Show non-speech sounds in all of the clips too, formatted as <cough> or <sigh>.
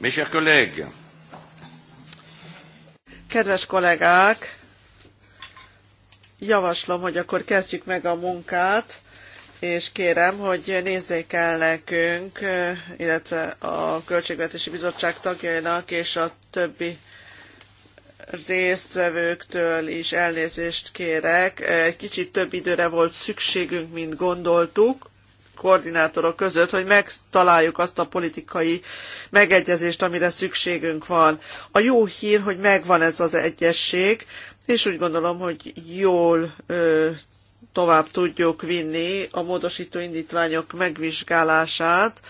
Mes chers collègues. Kedves kollégák, javaslom, hogy akkor kezdjük meg a munkát, és kérem, hogy nézzék el nekünk, illetve a Költségvetési Bizottság tagjainak és a többi résztvevőktől is elnézést kérek. Egy kicsit több időre volt szükségünk, mint gondoltuk, koordinátorok között, hogy megtaláljuk azt a politikai megegyezést, amire szükségünk van. A jó hír, hogy megvan ez az egyesség, és úgy gondolom, hogy jól ö, tovább tudjuk vinni a módosító indítványok megvizsgálását,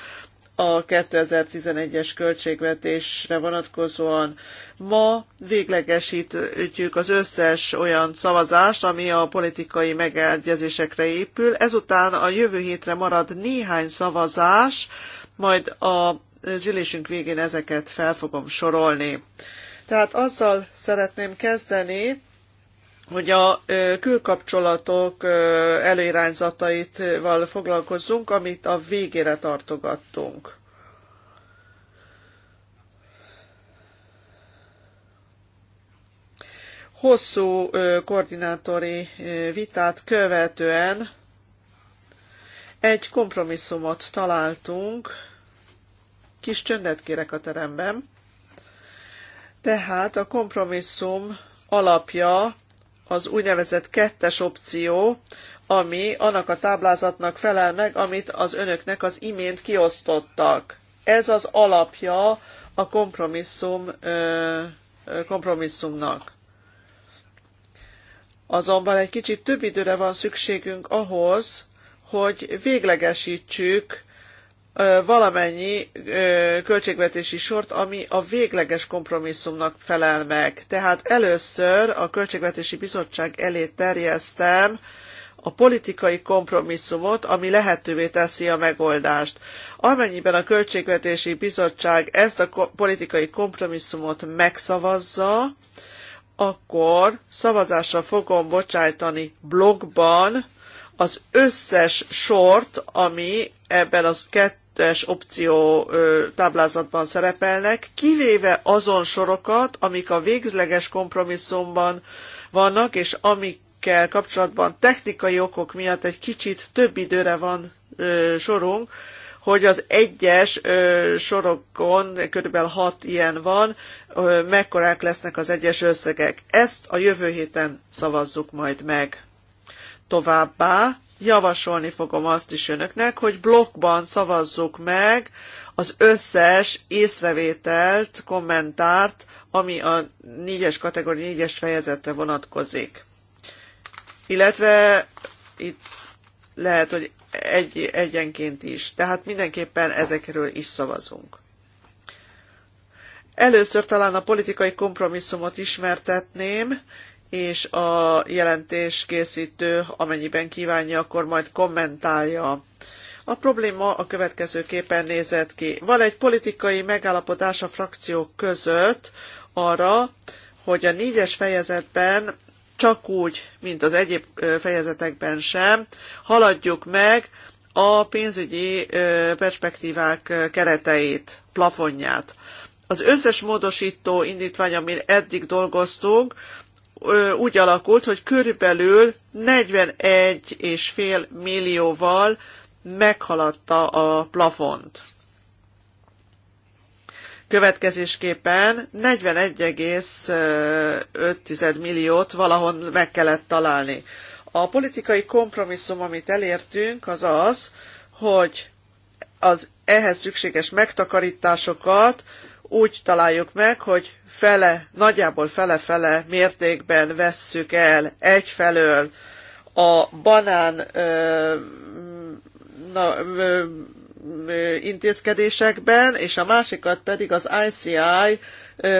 a 2011-es költségvetésre vonatkozóan. Ma véglegesítjük az összes olyan szavazást, ami a politikai megegyezésekre épül. Ezután a jövő hétre marad néhány szavazás, majd az ülésünk végén ezeket fel fogom sorolni. Tehát azzal szeretném kezdeni, hogy a külkapcsolatok előirányzataitval foglalkozzunk, amit a végére tartogattunk. Hosszú koordinátori vitát követően egy kompromisszumot találtunk. Kis csöndet kérek a teremben. Tehát a kompromisszum alapja az úgynevezett kettes opció, ami annak a táblázatnak felel meg, amit az önöknek az imént kiosztottak. Ez az alapja a kompromisszum, kompromisszumnak. Azonban egy kicsit több időre van szükségünk ahhoz, hogy véglegesítsük valamennyi költségvetési sort, ami a végleges kompromisszumnak felel meg. Tehát először a Költségvetési Bizottság elé terjesztem a politikai kompromisszumot, ami lehetővé teszi a megoldást. Amennyiben a Költségvetési Bizottság ezt a politikai kompromisszumot megszavazza, akkor szavazásra fogom bocsájtani blogban az összes sort, ami ebben az kettes opció táblázatban szerepelnek, kivéve azon sorokat, amik a végleges kompromisszumban vannak, és amikkel kapcsolatban technikai okok miatt egy kicsit több időre van sorunk, hogy az egyes sorokon, kb. hat ilyen van, mekkorák lesznek az egyes összegek. Ezt a jövő héten szavazzuk majd meg. Továbbá javasolni fogom azt is önöknek, hogy blokkban szavazzuk meg az összes észrevételt, kommentárt, ami a négyes kategória négyes fejezetre vonatkozik. Illetve itt lehet, hogy egy, egyenként is. Tehát mindenképpen ezekről is szavazunk. Először talán a politikai kompromisszumot ismertetném és a jelentés készítő, amennyiben kívánja, akkor majd kommentálja. A probléma a következőképpen nézett ki. Van egy politikai megállapodás a frakciók között arra, hogy a négyes fejezetben csak úgy, mint az egyéb fejezetekben sem, haladjuk meg a pénzügyi perspektívák kereteit, plafonját. Az összes módosító indítvány, amin eddig dolgoztunk, úgy alakult, hogy körülbelül 41,5 millióval meghaladta a plafont. Következésképpen 41,5 milliót valahon meg kellett találni. A politikai kompromisszum, amit elértünk, az az, hogy az ehhez szükséges megtakarításokat úgy találjuk meg, hogy fele, nagyjából fele-fele mértékben vesszük el egyfelől a banán ö, na, ö, intézkedésekben, és a másikat pedig az ICI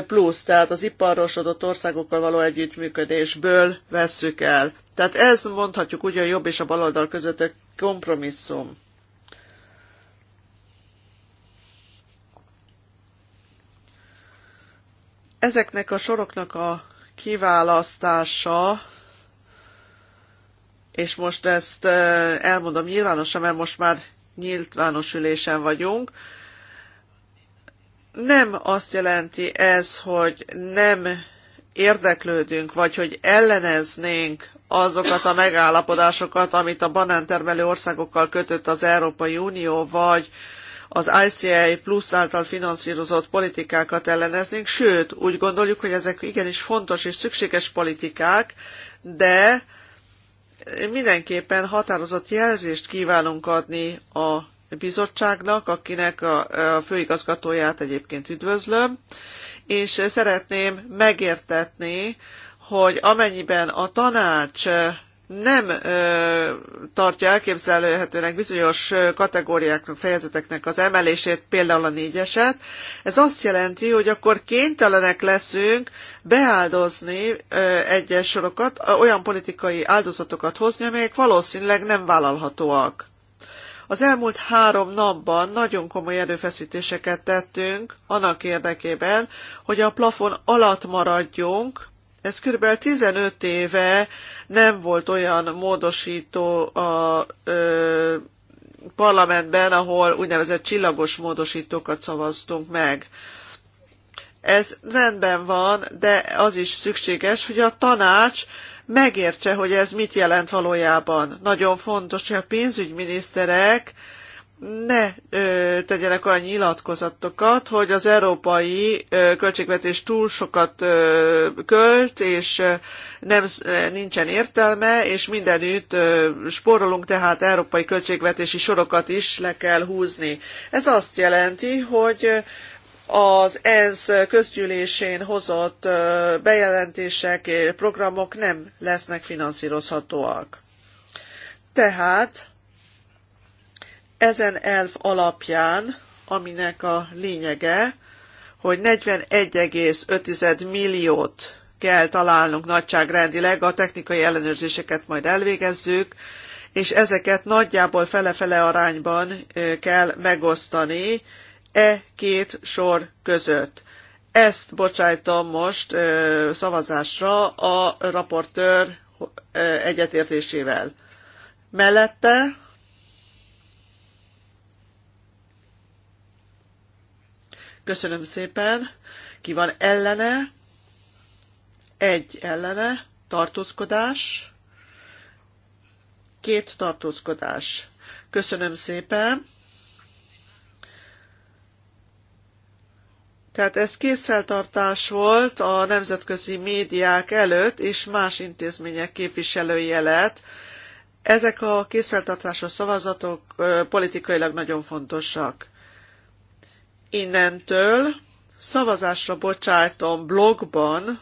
plusz, tehát az iparosodott országokkal való együttműködésből vesszük el. Tehát ez mondhatjuk úgy a jobb és a baloldal között a kompromisszum. Ezeknek a soroknak a kiválasztása, és most ezt elmondom nyilvánosan, mert most már nyilvános ülésen vagyunk, nem azt jelenti ez, hogy nem érdeklődünk, vagy hogy elleneznénk azokat a megállapodásokat, amit a banántermelő országokkal kötött az Európai Unió, vagy az ICA plusz által finanszírozott politikákat elleneznénk, sőt, úgy gondoljuk, hogy ezek igenis fontos és szükséges politikák, de mindenképpen határozott jelzést kívánunk adni a bizottságnak, akinek a, a főigazgatóját egyébként üdvözlöm, és szeretném megértetni, hogy amennyiben a tanács nem ö, tartja elképzelhetőnek bizonyos kategóriák fejezeteknek az emelését, például a négyeset, ez azt jelenti, hogy akkor kénytelenek leszünk beáldozni ö, egyes sorokat, olyan politikai áldozatokat hozni, amelyek valószínűleg nem vállalhatóak. Az elmúlt három napban nagyon komoly erőfeszítéseket tettünk annak érdekében, hogy a plafon alatt maradjunk, ez kb. 15 éve nem volt olyan módosító a ö, parlamentben, ahol úgynevezett csillagos módosítókat szavaztunk meg. Ez rendben van, de az is szükséges, hogy a tanács megértse, hogy ez mit jelent valójában. Nagyon fontos, hogy a pénzügyminiszterek, ne ö, tegyenek olyan nyilatkozatokat, hogy az európai ö, költségvetés túl sokat ö, költ, és ö, nem, nincsen értelme, és mindenütt ö, spórolunk, tehát európai költségvetési sorokat is le kell húzni. Ez azt jelenti, hogy az ENSZ közgyűlésén hozott bejelentések, programok nem lesznek finanszírozhatóak. Tehát ezen elv alapján, aminek a lényege, hogy 41,5 milliót kell találnunk nagyságrendileg, a technikai ellenőrzéseket majd elvégezzük, és ezeket nagyjából fele-fele arányban kell megosztani e két sor között. Ezt bocsájtom most szavazásra a raportőr egyetértésével. Mellette Köszönöm szépen. Ki van ellene? Egy ellene. Tartózkodás. Két tartózkodás. Köszönöm szépen. Tehát ez készfeltartás volt a nemzetközi médiák előtt és más intézmények képviselője lett. Ezek a készfeltartásos szavazatok politikailag nagyon fontosak innentől szavazásra bocsájtom blogban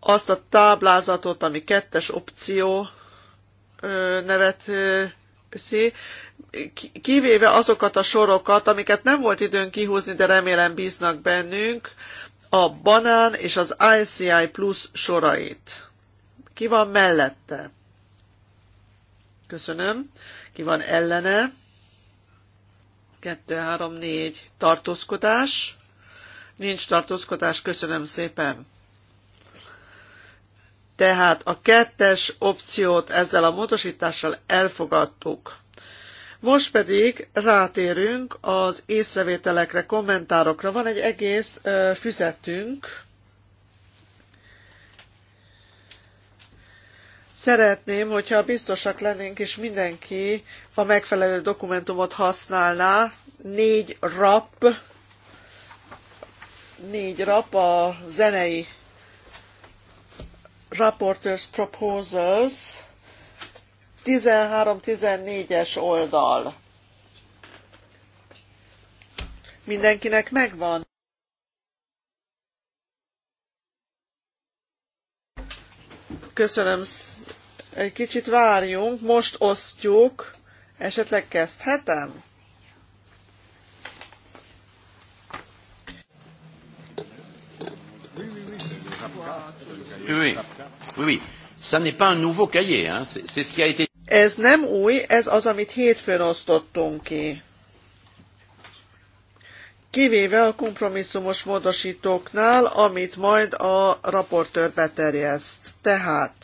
azt a táblázatot, ami kettes opció nevet szé, kivéve azokat a sorokat, amiket nem volt időn kihúzni, de remélem bíznak bennünk, a banán és az ICI Plus sorait. Ki van mellette? Köszönöm. Ki van ellene? 2, 3, 4. Tartózkodás. Nincs tartózkodás, köszönöm szépen. Tehát a kettes opciót ezzel a módosítással elfogadtuk. Most pedig rátérünk az észrevételekre, kommentárokra. Van egy egész füzetünk, Szeretném, hogyha biztosak lennénk, és mindenki a megfelelő dokumentumot használná, négy rap, négy rap a zenei Rapporteurs Proposals 13-14-es oldal. Mindenkinek megvan? Köszönöm egy kicsit várjunk, most osztjuk. Esetleg kezdhetem? Oui, oui, oui. Ça n'est pas un nouveau cahier, hein. c'est ce qui a été... Ez nem új, ez az, amit hétfőn osztottunk ki. Kivéve a kompromisszumos módosítóknál, amit majd a raportőr beterjeszt. Tehát...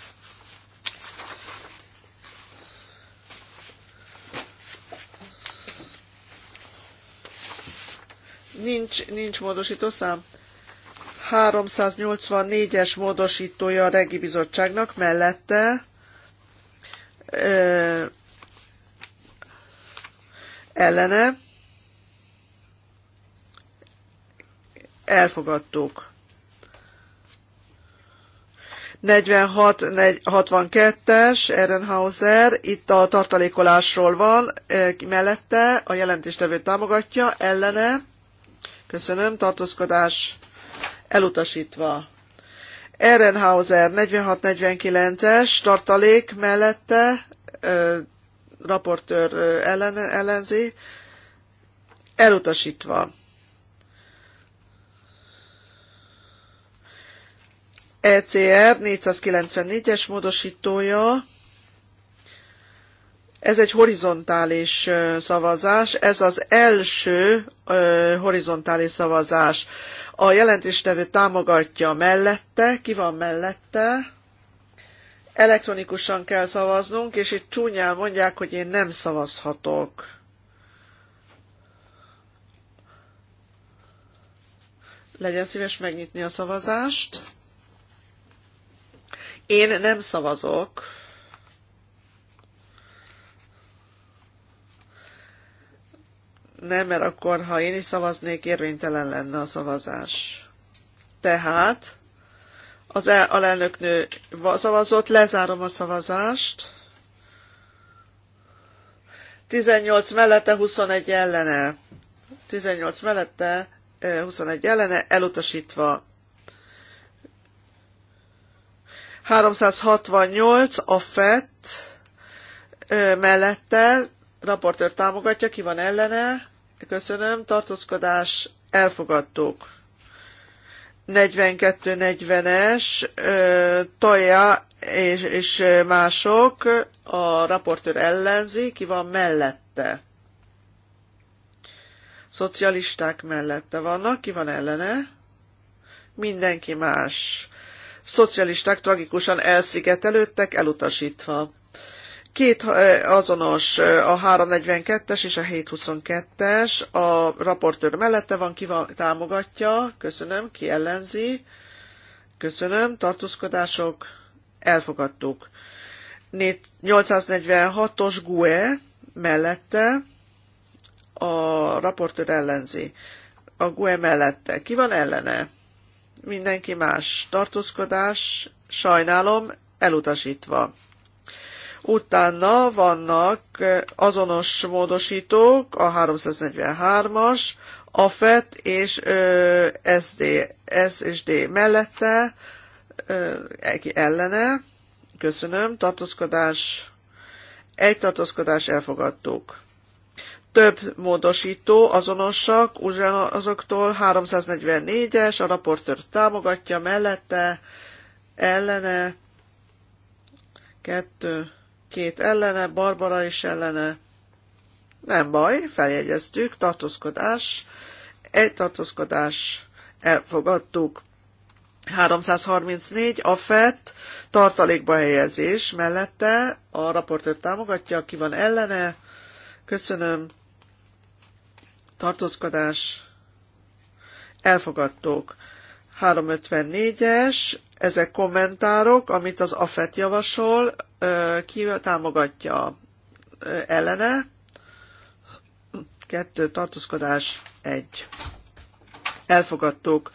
nincs, nincs módosító szám. 384-es módosítója a regi bizottságnak mellette ö, ellene elfogadtuk. 46-62-es Ehrenhauser, itt a tartalékolásról van, mellette a jelentéstevő támogatja, ellene Köszönöm. Tartózkodás elutasítva. Ehrenhauser 46-49-es tartalék mellette ö, raportőr ellen, ellenzi, elutasítva. ECR 494-es módosítója ez egy horizontális szavazás, ez az első horizontális szavazás. A jelentéstevő támogatja mellette, ki van mellette, elektronikusan kell szavaznunk, és itt csúnyán mondják, hogy én nem szavazhatok. Legyen szíves megnyitni a szavazást. Én nem szavazok. nem, mert akkor, ha én is szavaznék, érvénytelen lenne a szavazás. Tehát az el, alelnöknő szavazott, lezárom a szavazást. 18 mellette, 21 ellene. 18 mellette, 21 eh, ellene, elutasítva. 368 a FET eh, mellette, raportőr támogatja, ki van ellene, köszönöm, tartózkodás, elfogadtuk. 42-40-es, Toja és, és mások, a raportőr ellenzi, ki van mellette. Szocialisták mellette vannak, ki van ellene? Mindenki más. Szocialisták tragikusan elszigetelődtek, elutasítva. Két eh, azonos eh, a 342-es és a 722-es. A raportőr mellette van, ki van, támogatja. Köszönöm, ki ellenzi. Köszönöm, tartózkodások. Elfogadtuk. 846-os GUE mellette a raportőr ellenzi. A GUE mellette. Ki van ellene? Mindenki más. Tartózkodás. Sajnálom, elutasítva. Utána vannak eh, azonos módosítók, a 343-as, FET és ö, eh, SD, S és D mellette, ö, eh, ellene, köszönöm, tartózkodás, egy tartózkodás elfogadtuk. Több módosító azonosak, ugyanazoktól 344-es, a raportőr támogatja mellette, ellene, kettő, két ellene, Barbara is ellene. Nem baj, feljegyeztük, tartózkodás, egy tartózkodás, elfogadtuk. 334, a FET, tartalékba helyezés mellette, a raportőr támogatja, ki van ellene, köszönöm, tartózkodás, elfogadtuk. 354-es, ezek kommentárok, amit az AFET javasol, ki támogatja ellene, kettő tartózkodás, egy. Elfogadtuk.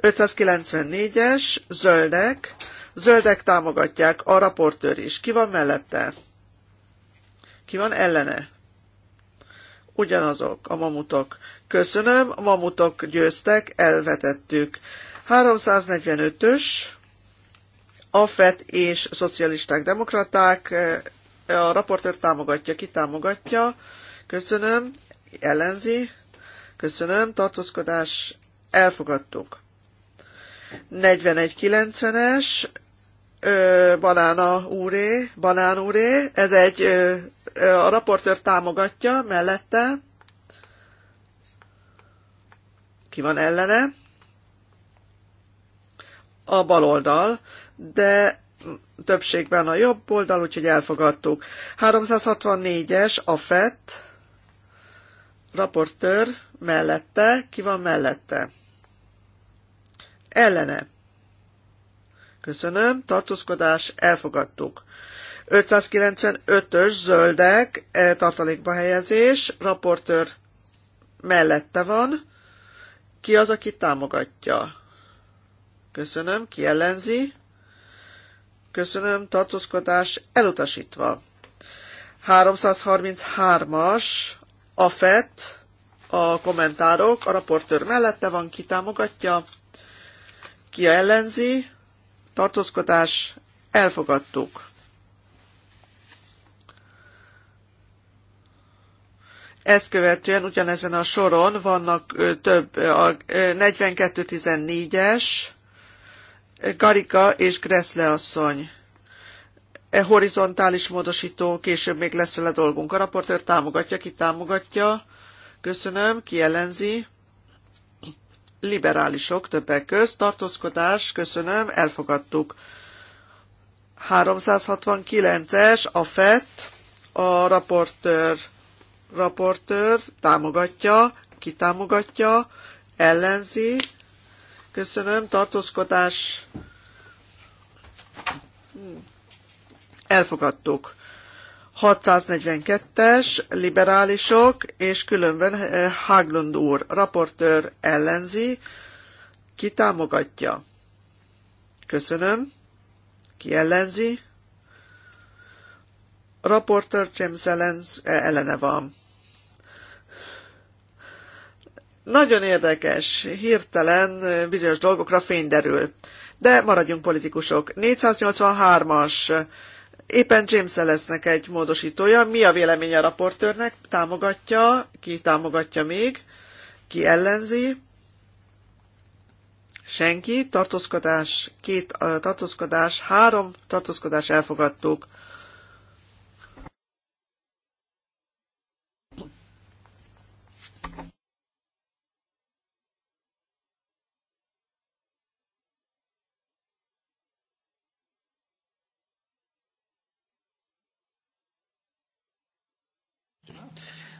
594-es, zöldek, zöldek támogatják, a raportőr is. Ki van mellette? Ki van ellene? Ugyanazok, a mamutok. Köszönöm, a mamutok győztek, elvetettük. 345-ös, AFET és szocialisták, demokraták, eh, a raportőr támogatja, ki támogatja, köszönöm, ellenzi, köszönöm, tartózkodás, elfogadtuk. 41.90-es, eh, Banána úré, Banán úré, ez egy, ö, eh, a raportőr támogatja mellette, ki van ellene, a baloldal, de többségben a jobb oldal, úgyhogy elfogadtuk. 364-es a FET raportőr mellette, ki van mellette? Ellene. Köszönöm, tartózkodás, elfogadtuk. 595-ös zöldek, e, tartalékba helyezés, raportőr mellette van. Ki az, aki támogatja? Köszönöm, ki ellenzi? Köszönöm, tartózkodás elutasítva. 333-as, FET, a kommentárok, a raportőr mellette van, ki támogatja, ki ellenzi, tartózkodás, elfogadtuk. Ezt követően ugyanezen a soron vannak több, a 42-14-es, Garika és Gressle asszony. E horizontális módosító, később még lesz vele dolgunk. A raportőr támogatja, ki támogatja. Köszönöm, ki ellenzi. Liberálisok többek közt, tartózkodás, köszönöm, elfogadtuk. 369-es, a FET, a raportőr, raportőr támogatja, kitámogatja, ellenzi, Köszönöm. Tartózkodás. Elfogadtuk. 642-es, liberálisok, és különben eh, Haglund úr, raportőr ellenzi, ki támogatja. Köszönöm. Ki ellenzi? Raportőr James Ellens eh, ellene van. Nagyon érdekes, hirtelen bizonyos dolgokra fény derül. De maradjunk politikusok. 483-as, éppen james lesznek egy módosítója. Mi a vélemény a raportőrnek? Támogatja, ki támogatja még, ki ellenzi. Senki, tartózkodás, két tartózkodás, három tartózkodás elfogadtuk.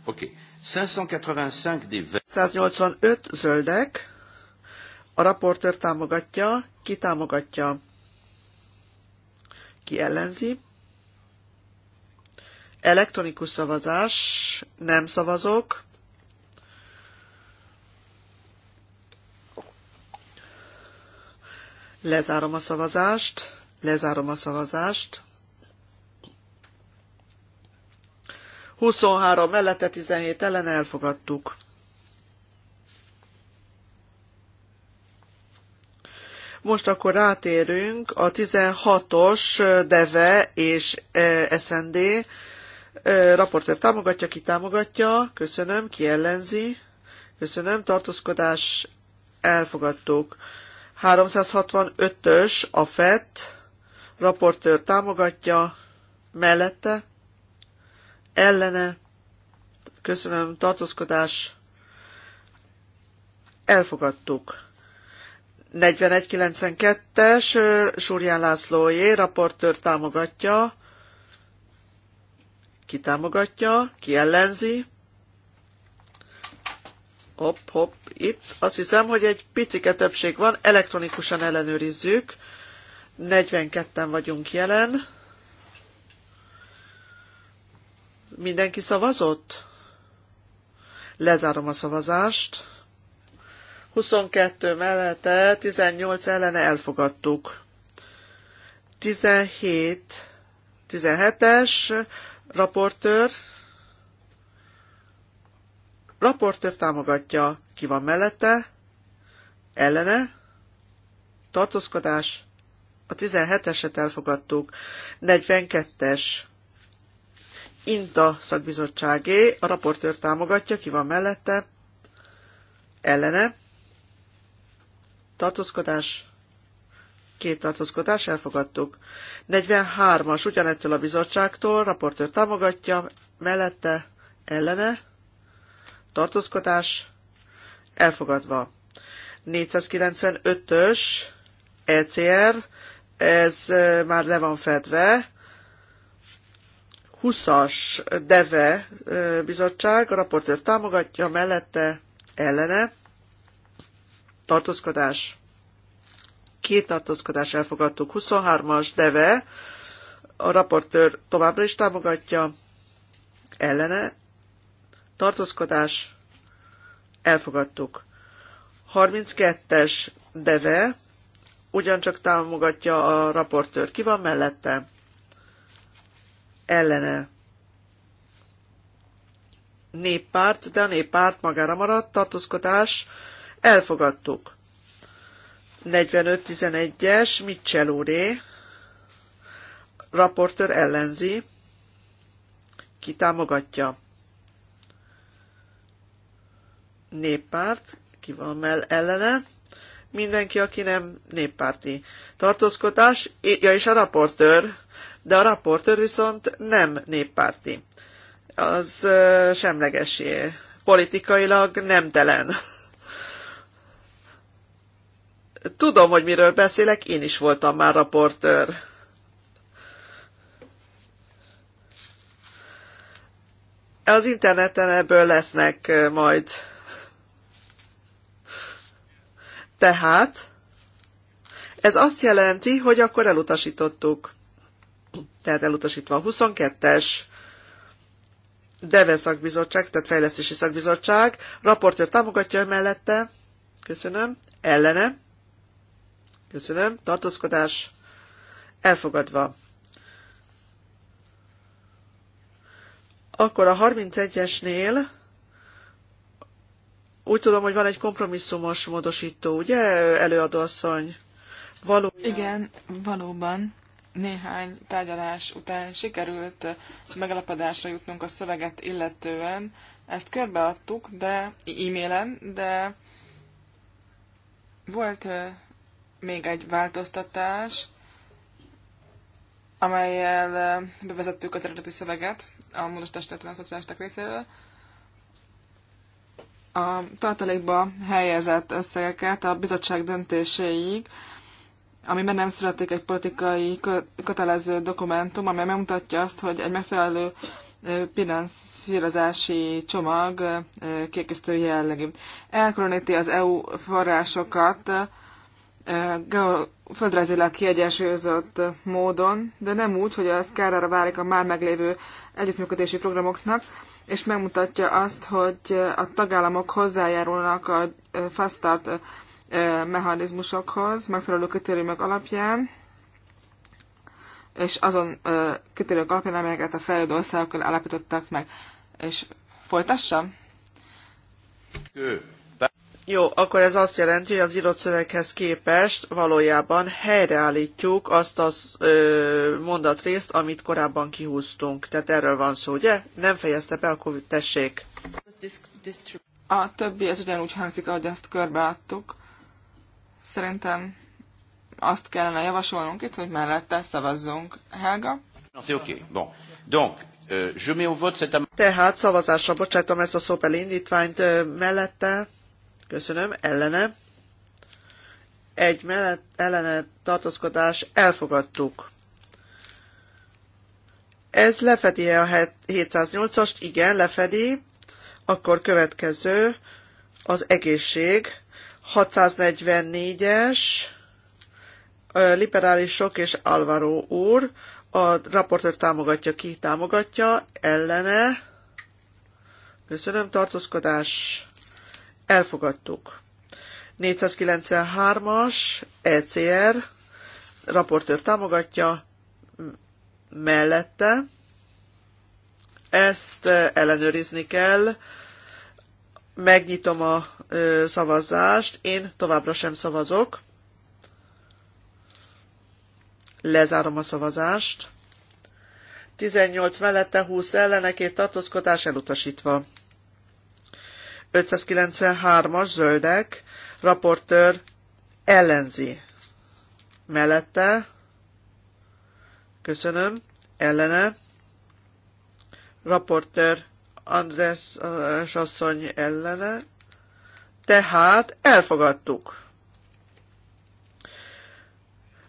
Oké. Okay. 585 185 zöldek. A raportőr támogatja. Ki támogatja? Ki ellenzi? Elektronikus szavazás. Nem szavazok. Lezárom a szavazást. Lezárom a szavazást. 23 mellette 17 ellen elfogadtuk. Most akkor rátérünk a 16-os DEVE és e, SND e, raportőr támogatja, ki támogatja, köszönöm, ki ellenzi, köszönöm, tartózkodás, elfogadtuk. 365-ös a FET, raportőr támogatja, mellette, ellene, köszönöm, tartózkodás, elfogadtuk. 4192-es Súrján Lászlóé, raportőr támogatja, ki támogatja, ki ellenzi, hopp, hopp, itt azt hiszem, hogy egy picike többség van, elektronikusan ellenőrizzük, 42-en vagyunk jelen, Mindenki szavazott? Lezárom a szavazást. 22 mellette, 18 ellene elfogadtuk. 17, 17-es raportőr, raportőr támogatja, ki van mellette, ellene, tartózkodás, a 17-eset elfogadtuk, 42-es INTA szakbizottságé. A raportőr támogatja, ki van mellette, ellene, tartózkodás, két tartózkodás, elfogadtuk. 43-as ugyanettől a bizottságtól, raportőr támogatja, mellette, ellene, tartózkodás, elfogadva. 495-ös ECR, ez eh, már le van fedve, 20-as DEVE bizottság, a raportőr támogatja, mellette ellene tartózkodás. Két tartózkodás elfogadtuk. 23-as DEVE, a raportőr továbbra is támogatja, ellene tartózkodás. Elfogadtuk. 32-es DEVE, ugyancsak támogatja a raportőr. Ki van mellette? ellene. Néppárt, de a néppárt magára maradt, tartózkodás, elfogadtuk. 45-11-es, Mitchell úré, raportőr ellenzi, ki támogatja. Néppárt, ki van mell ellene, mindenki, aki nem néppárti. Tartózkodás, ja és a raportőr, de a raportőr viszont nem néppárti. Az semlegesé, politikailag nemtelen. Tudom, hogy miről beszélek, én is voltam már raportőr. Az interneten ebből lesznek majd. Tehát ez azt jelenti, hogy akkor elutasítottuk tehát elutasítva a 22-es DEVE szakbizottság, tehát fejlesztési szakbizottság, raportőr támogatja mellette, köszönöm, ellene, köszönöm, tartózkodás, elfogadva. Akkor a 31-esnél úgy tudom, hogy van egy kompromisszumos módosító, ugye, előadóasszony? Valóban. Igen, valóban néhány tárgyalás után sikerült megalapodásra jutnunk a szöveget illetően. Ezt körbeadtuk, de e-mailen, de volt még egy változtatás, amelyel bevezettük az eredeti szöveget a módos testületlen a szocialisták részéről. A tartalékba helyezett összegeket a bizottság döntéséig amiben nem születik egy politikai kötelező dokumentum, amely megmutatja azt, hogy egy megfelelő finanszírozási csomag kiegészítő jellegű. Elkülöníti az EU forrásokat földrajzilag kiegyensúlyozott módon, de nem úgy, hogy az kárára válik a már meglévő együttműködési programoknak, és megmutatja azt, hogy a tagállamok hozzájárulnak a Fast Start mechanizmusokhoz, megfelelő kritériumok alapján, és azon kritériumok alapján, amelyeket a fejlődő országokkal állapítottak meg. És folytassam? Jó, akkor ez azt jelenti, hogy az írott szöveghez képest valójában helyreállítjuk azt a az, mondatrészt, amit korábban kihúztunk. Tehát erről van szó, ugye? Nem fejezte be, akkor tessék. A többi ez ugyanúgy hangzik, ahogy ezt körbeadtuk. Szerintem azt kellene javasolnunk itt, hogy mellette szavazzunk. Helga? oké, Bon. Donc, euh, je mets au vote Tehát szavazásra bocsátom ezt a szóbeli indítványt mellette. Köszönöm. Ellene. Egy mellett, ellene tartózkodás. Elfogadtuk. Ez lefedi -e a 708-ast? Igen, lefedi. Akkor következő az egészség 644-es, liberálisok és Alvaro úr, a raportőr támogatja, ki támogatja, ellene, köszönöm, tartózkodás, elfogadtuk. 493-as, ECR, raportőr támogatja, mellette, ezt ellenőrizni kell, megnyitom a szavazást. Én továbbra sem szavazok. Lezárom a szavazást. 18 mellette 20 ellene, két tartózkodás elutasítva. 593-as zöldek, raportőr ellenzi. Mellette, köszönöm, ellene, raportőr András asszony ellene, tehát elfogadtuk.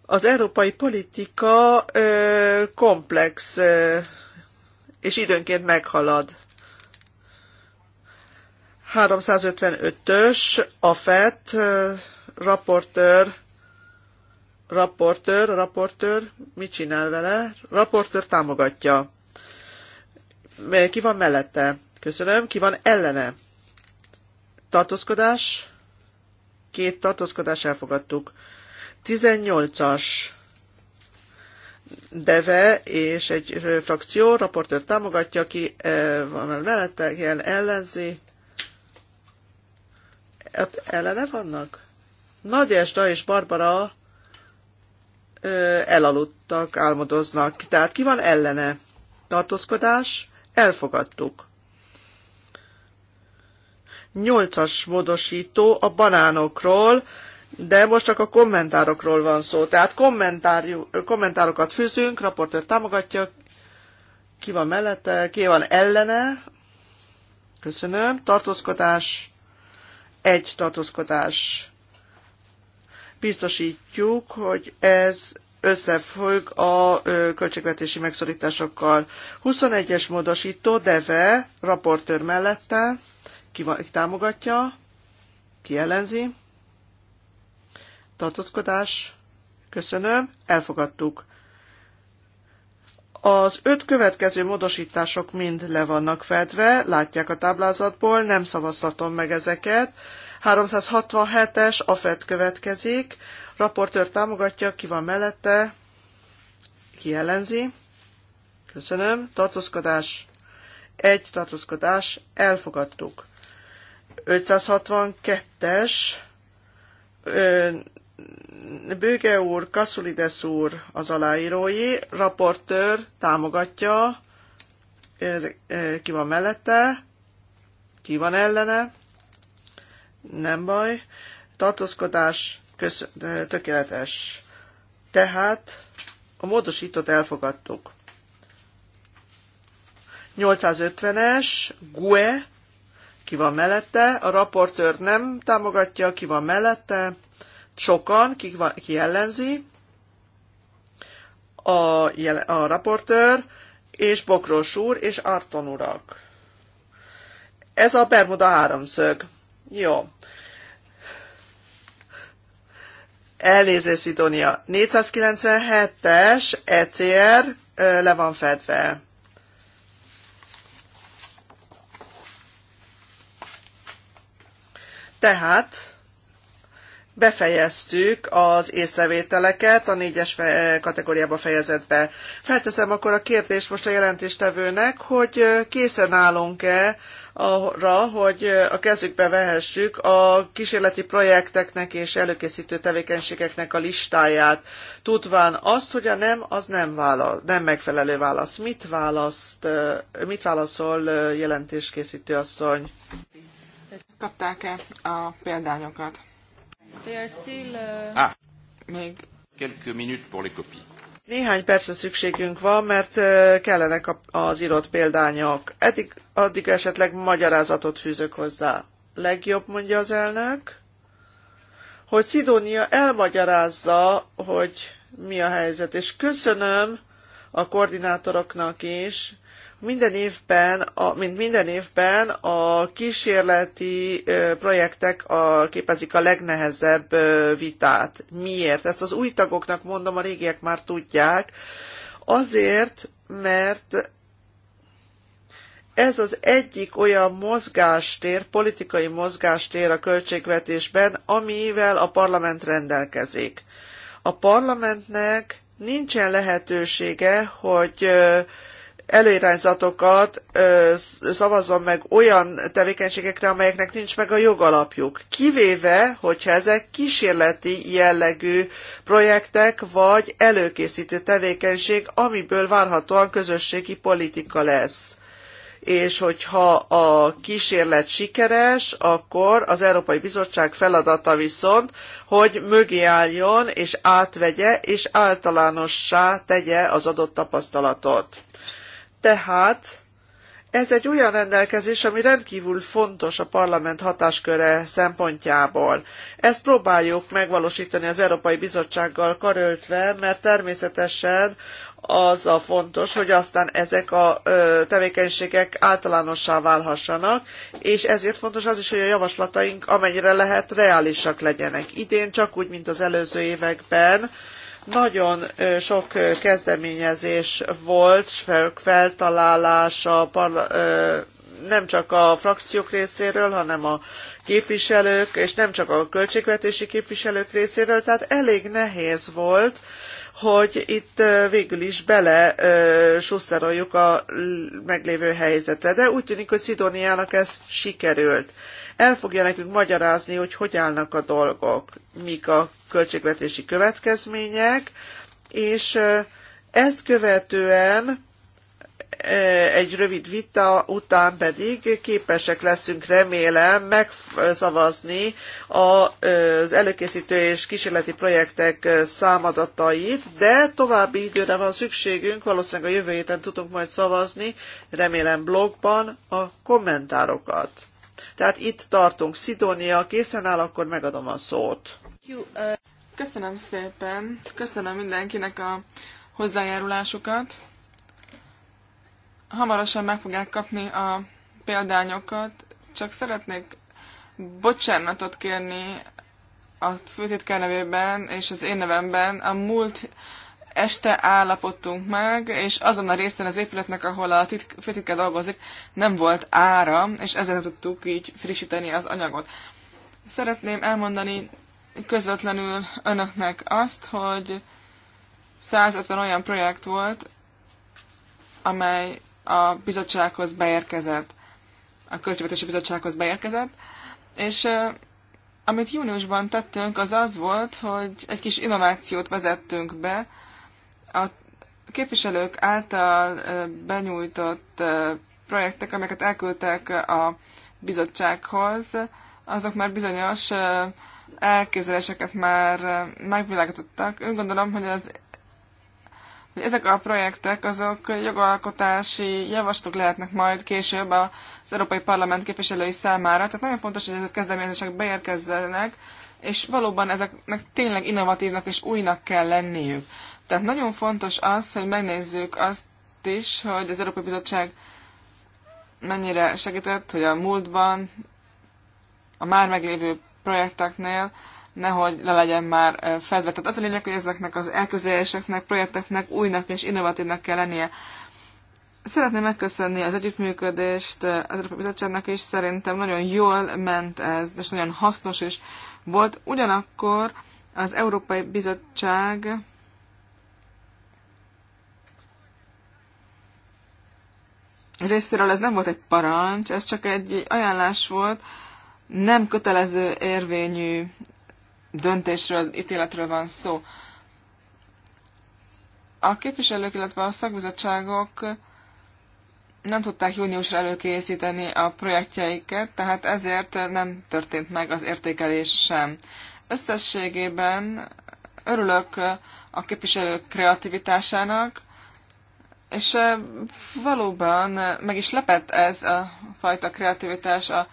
Az európai politika ö, komplex, ö, és időnként meghalad. 355-ös a FET raportőr, raportőr, raportőr, mit csinál vele? Raportőr támogatja. Ki van mellette? Köszönöm. Ki van ellene? tartózkodás, két tartózkodás elfogadtuk. 18-as Deve és egy frakció, raportőr támogatja, ki van mellette, ilyen ellenzi. Ott hát ellene vannak? Nagy és Barbara elaludtak, álmodoznak. Tehát ki van ellene? Tartózkodás? Elfogadtuk. 8-as módosító a banánokról, de most csak a kommentárokról van szó. Tehát kommentárokat fűzünk, raportőr támogatja, ki van mellette, ki van ellene. Köszönöm. Tartózkodás. Egy tartózkodás. Biztosítjuk, hogy ez összefügg a költségvetési megszorításokkal. 21-es módosító, Deve, raportőr mellette, ki, van, ki támogatja, ki ellenzi. Tartózkodás. Köszönöm. Elfogadtuk. Az öt következő módosítások mind le vannak fedve, látják a táblázatból, nem szavaztatom meg ezeket. 367-es AFET következik, raportőr támogatja, ki van mellette, ki ellenzi. Köszönöm. Tartózkodás. Egy tartózkodás. Elfogadtuk. 562-es Bőge úr, Kaszulides úr az aláírói, raportőr támogatja, ki van mellette, ki van ellene, nem baj, tartózkodás tökéletes. Tehát a módosítót elfogadtuk. 850-es, GUE, ki van mellette? A raportőr nem támogatja, ki van mellette? Sokan, ki, van, ki ellenzi? A, a raportőr és Bokros úr és Arton urak. Ez a Bermuda háromszög. Jó. Elnézést, Szidonia. 497-es ECR le van fedve. Tehát befejeztük az észrevételeket, a négyes kategóriába fejezett be. Felteszem akkor a kérdést most a jelentéstevőnek, hogy készen állunk-e arra, hogy a kezükbe vehessük a kísérleti projekteknek és előkészítő tevékenységeknek a listáját, tudván azt, hogy a nem, az nem, válasz, nem megfelelő válasz. Mit, választ, mit válaszol jelentéskészítő asszony? Kapták-e a példányokat? They are still, uh... ah. Még quelques minutes pour les copies. Néhány percre szükségünk van, mert uh, kellenek az írott példányok. Eddig, addig esetleg magyarázatot fűzök hozzá. Legjobb, mondja az elnök, hogy Szidónia elmagyarázza, hogy mi a helyzet. És köszönöm a koordinátoroknak is, minden évben, a, mint minden évben a kísérleti projektek a, képezik a legnehezebb vitát. Miért? Ezt az új tagoknak mondom, a régiek már tudják. Azért, mert ez az egyik olyan mozgástér, politikai mozgástér a költségvetésben, amivel a parlament rendelkezik. A parlamentnek nincsen lehetősége, hogy előirányzatokat szavazzon meg olyan tevékenységekre, amelyeknek nincs meg a jogalapjuk. Kivéve, hogyha ezek kísérleti jellegű projektek vagy előkészítő tevékenység, amiből várhatóan közösségi politika lesz és hogyha a kísérlet sikeres, akkor az Európai Bizottság feladata viszont, hogy mögé álljon és átvegye és általánossá tegye az adott tapasztalatot. Tehát ez egy olyan rendelkezés, ami rendkívül fontos a parlament hatásköre szempontjából. Ezt próbáljuk megvalósítani az Európai Bizottsággal karöltve, mert természetesen az a fontos, hogy aztán ezek a tevékenységek általánossá válhassanak, és ezért fontos az is, hogy a javaslataink amennyire lehet reálisak legyenek. Idén csak úgy, mint az előző években, nagyon sok kezdeményezés volt, feltalálása, nem csak a frakciók részéről, hanem a képviselők, és nem csak a költségvetési képviselők részéről, tehát elég nehéz volt, hogy itt végül is bele suszteroljuk a meglévő helyzetre. De úgy tűnik, hogy Szidóniának ez sikerült. El fogja nekünk magyarázni, hogy hogy állnak a dolgok, mik a költségvetési következmények, és ezt követően egy rövid vita után pedig képesek leszünk remélem megszavazni az előkészítő és kísérleti projektek számadatait, de további időre van szükségünk, valószínűleg a jövő héten tudunk majd szavazni, remélem blogban a kommentárokat. Tehát itt tartunk. Szidónia készen áll, akkor megadom a szót. Uh, köszönöm szépen, köszönöm mindenkinek a hozzájárulásukat. Hamarosan meg fogják kapni a példányokat, csak szeretnék bocsánatot kérni a főtitkár nevében és az én nevemben. A múlt este állapodtunk meg, és azon a részen az épületnek, ahol a titk- főtitkár dolgozik, nem volt ára, és ezért tudtuk így frissíteni az anyagot. Szeretném elmondani közvetlenül önöknek azt, hogy 150 olyan projekt volt, amely a bizottsághoz beérkezett, a Költségvetési Bizottsághoz beérkezett, és amit júniusban tettünk, az az volt, hogy egy kis innovációt vezettünk be. A képviselők által benyújtott projektek, amelyeket elküldtek a bizottsághoz, azok már bizonyos elképzeléseket már megvilágítottak. Úgy gondolom, hogy, az, hogy ezek a projektek azok jogalkotási javaslatok lehetnek majd később az Európai Parlament képviselői számára. Tehát nagyon fontos, hogy ezek a kezdeményezések beérkezzenek, és valóban ezeknek tényleg innovatívnak és újnak kell lenniük. Tehát nagyon fontos az, hogy megnézzük azt is, hogy az Európai Bizottság mennyire segített, hogy a múltban a már meglévő projekteknél nehogy le legyen már fedve. Tehát az a lényeg, hogy ezeknek az elközeléseknek, projekteknek újnak és innovatívnak kell lennie. Szeretném megköszönni az együttműködést az Európai Bizottságnak és szerintem nagyon jól ment ez, és nagyon hasznos is volt. Ugyanakkor az Európai Bizottság részéről ez nem volt egy parancs, ez csak egy ajánlás volt, nem kötelező érvényű döntésről, ítéletről van szó. A képviselők, illetve a szakbizottságok nem tudták júniusra előkészíteni a projektjeiket, tehát ezért nem történt meg az értékelés sem. Összességében örülök a képviselők kreativitásának, és valóban meg is lepett ez a fajta kreativitás a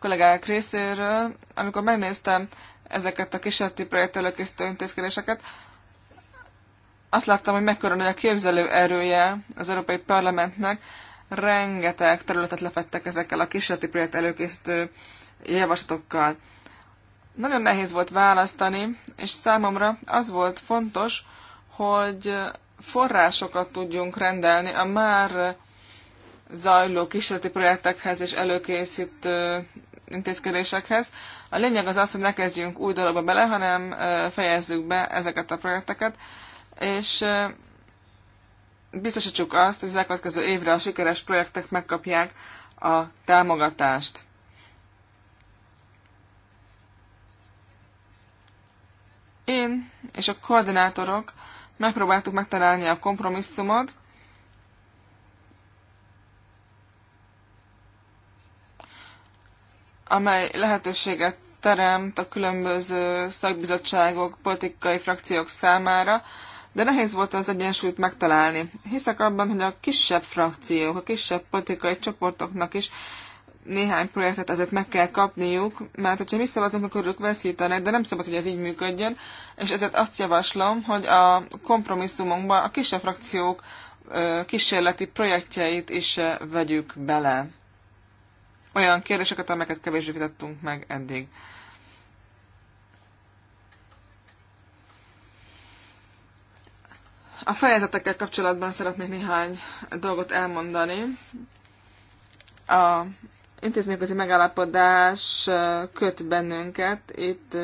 kollégák részéről, amikor megnéztem ezeket a kísérleti projekt előkészítő intézkedéseket, azt láttam, hogy mekkora nagy a képzelő erője az Európai Parlamentnek, rengeteg területet lefettek ezekkel a kísérleti projekt előkészítő javaslatokkal. Nagyon nehéz volt választani, és számomra az volt fontos, hogy forrásokat tudjunk rendelni a már zajló kísérleti projektekhez és előkészítő intézkedésekhez. A lényeg az az, hogy ne kezdjünk új dologba bele, hanem fejezzük be ezeket a projekteket, és biztosítsuk azt, hogy az elkövetkező évre a sikeres projektek megkapják a támogatást. Én és a koordinátorok megpróbáltuk megtalálni a kompromisszumot, amely lehetőséget teremt a különböző szakbizottságok, politikai frakciók számára, de nehéz volt az egyensúlyt megtalálni. Hiszek abban, hogy a kisebb frakciók, a kisebb politikai csoportoknak is néhány projektet azért meg kell kapniuk, mert hogyha mi szavazunk, akkor ők veszítenek, de nem szabad, hogy ez így működjön, és ezért azt javaslom, hogy a kompromisszumunkban a kisebb frakciók kísérleti projektjeit is vegyük bele olyan kérdéseket, amelyeket kevésbé vitattunk meg eddig. A fejezetekkel kapcsolatban szeretnék néhány dolgot elmondani. A intézményközi megállapodás köt bennünket, itt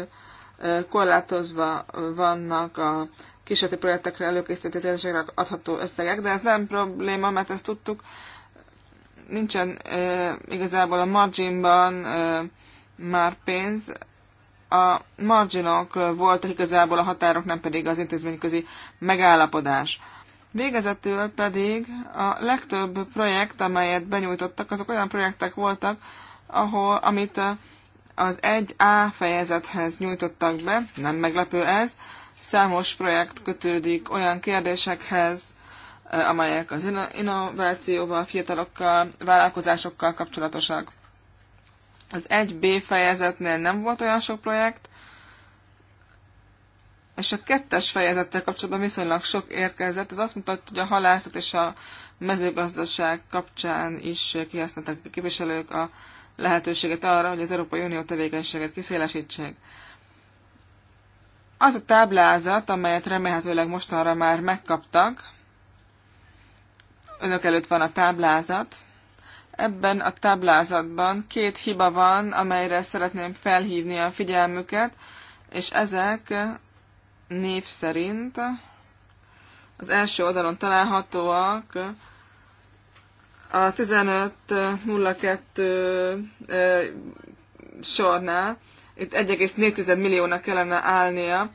korlátozva vannak a kísérleti projektekre előkészített adható összegek, de ez nem probléma, mert ezt tudtuk nincsen e, igazából a marginban e, már pénz. A marginok voltak igazából a határok, nem pedig az intézményközi megállapodás. Végezetül pedig a legtöbb projekt, amelyet benyújtottak, azok olyan projektek voltak, ahol, amit az 1A fejezethez nyújtottak be, nem meglepő ez, számos projekt kötődik olyan kérdésekhez, Eh, amelyek az innovációval, fiatalokkal, vállalkozásokkal kapcsolatosak. Az 1B fejezetnél nem volt olyan sok projekt, és a kettes fejezettel kapcsolatban viszonylag sok érkezett. Ez azt mutatja, hogy a halászat és a mezőgazdaság kapcsán is kihasználtak képviselők a lehetőséget arra, hogy az Európai Unió tevékenységet kiszélesítsék. Az a táblázat, amelyet remélhetőleg mostanra már megkaptak, Önök előtt van a táblázat. Ebben a táblázatban két hiba van, amelyre szeretném felhívni a figyelmüket, és ezek név szerint az első oldalon találhatóak a 15.02 sornál, itt 1,4 milliónak kellene állnia,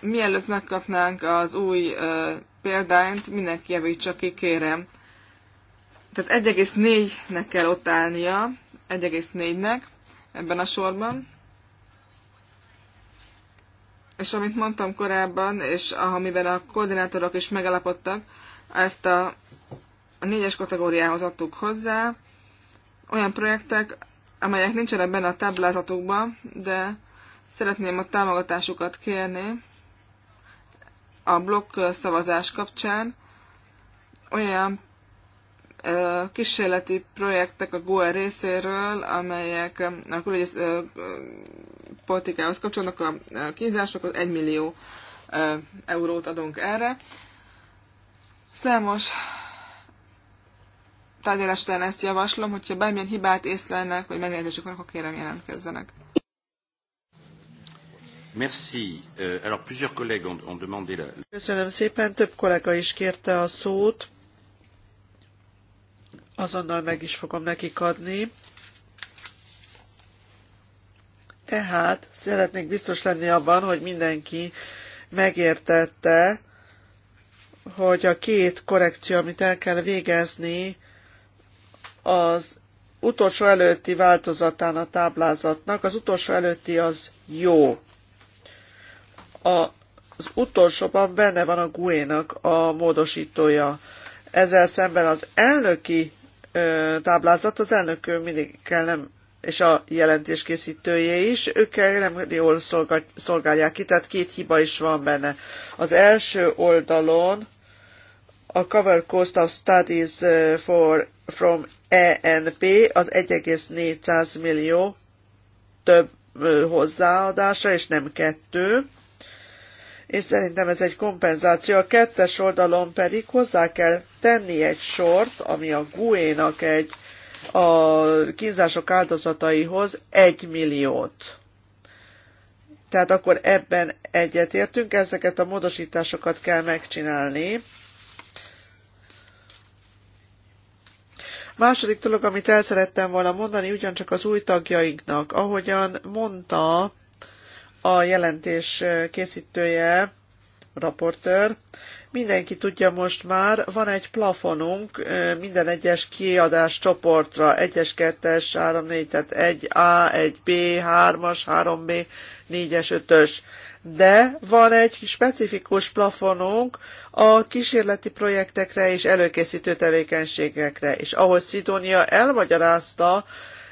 mielőtt megkapnánk az új példányt mindenki javítsa ki, kérem. Tehát 1,4-nek kell ott állnia, 1,4-nek ebben a sorban. És amit mondtam korábban, és amiben a koordinátorok is megalapodtak, ezt a, a négyes kategóriához adtuk hozzá. Olyan projektek, amelyek nincsenek benne a táblázatukban, de szeretném a támogatásukat kérni a blokk szavazás kapcsán olyan ö, kísérleti projektek a GOE részéről, amelyek a külügyi politikához kapcsolnak a kínzásokhoz, 1 millió ö, eurót adunk erre. Számos tárgyalás után ezt javaslom, hogyha bármilyen hibát észlelnek, vagy megjegyzésük van, akkor kérem jelentkezzenek. Merci. Euh, alors, plusieurs collègues ont, ont demandé la... Köszönöm szépen, több kollega is kérte a szót. Azonnal meg is fogom nekik adni. Tehát szeretnék biztos lenni abban, hogy mindenki megértette, hogy a két korrekció, amit el kell végezni, az utolsó előtti változatán a táblázatnak, az utolsó előtti az jó az utolsóban benne van a GUE-nak a módosítója. Ezzel szemben az elnöki táblázat, az elnök mindig kell nem és a jelentés készítője is, ők nem jól szolgálják ki, tehát két hiba is van benne. Az első oldalon a Cover Cost of Studies for, from ENP az 1,400 millió több hozzáadása, és nem kettő és szerintem ez egy kompenzáció. A kettes oldalon pedig hozzá kell tenni egy sort, ami a GUE-nak egy a kínzások áldozataihoz egy milliót. Tehát akkor ebben egyetértünk, ezeket a módosításokat kell megcsinálni. Második dolog, amit el szerettem volna mondani, ugyancsak az új tagjainknak, ahogyan mondta, a jelentés készítője, raportőr. Mindenki tudja most már, van egy plafonunk minden egyes kiadás csoportra, 1-es, 2-es, 3, 4, tehát 1A, 1B, 3-as, 3B, 4-es, 5-ös. De van egy specifikus plafonunk a kísérleti projektekre és előkészítő tevékenységekre, és ahogy Szidónia elmagyarázta,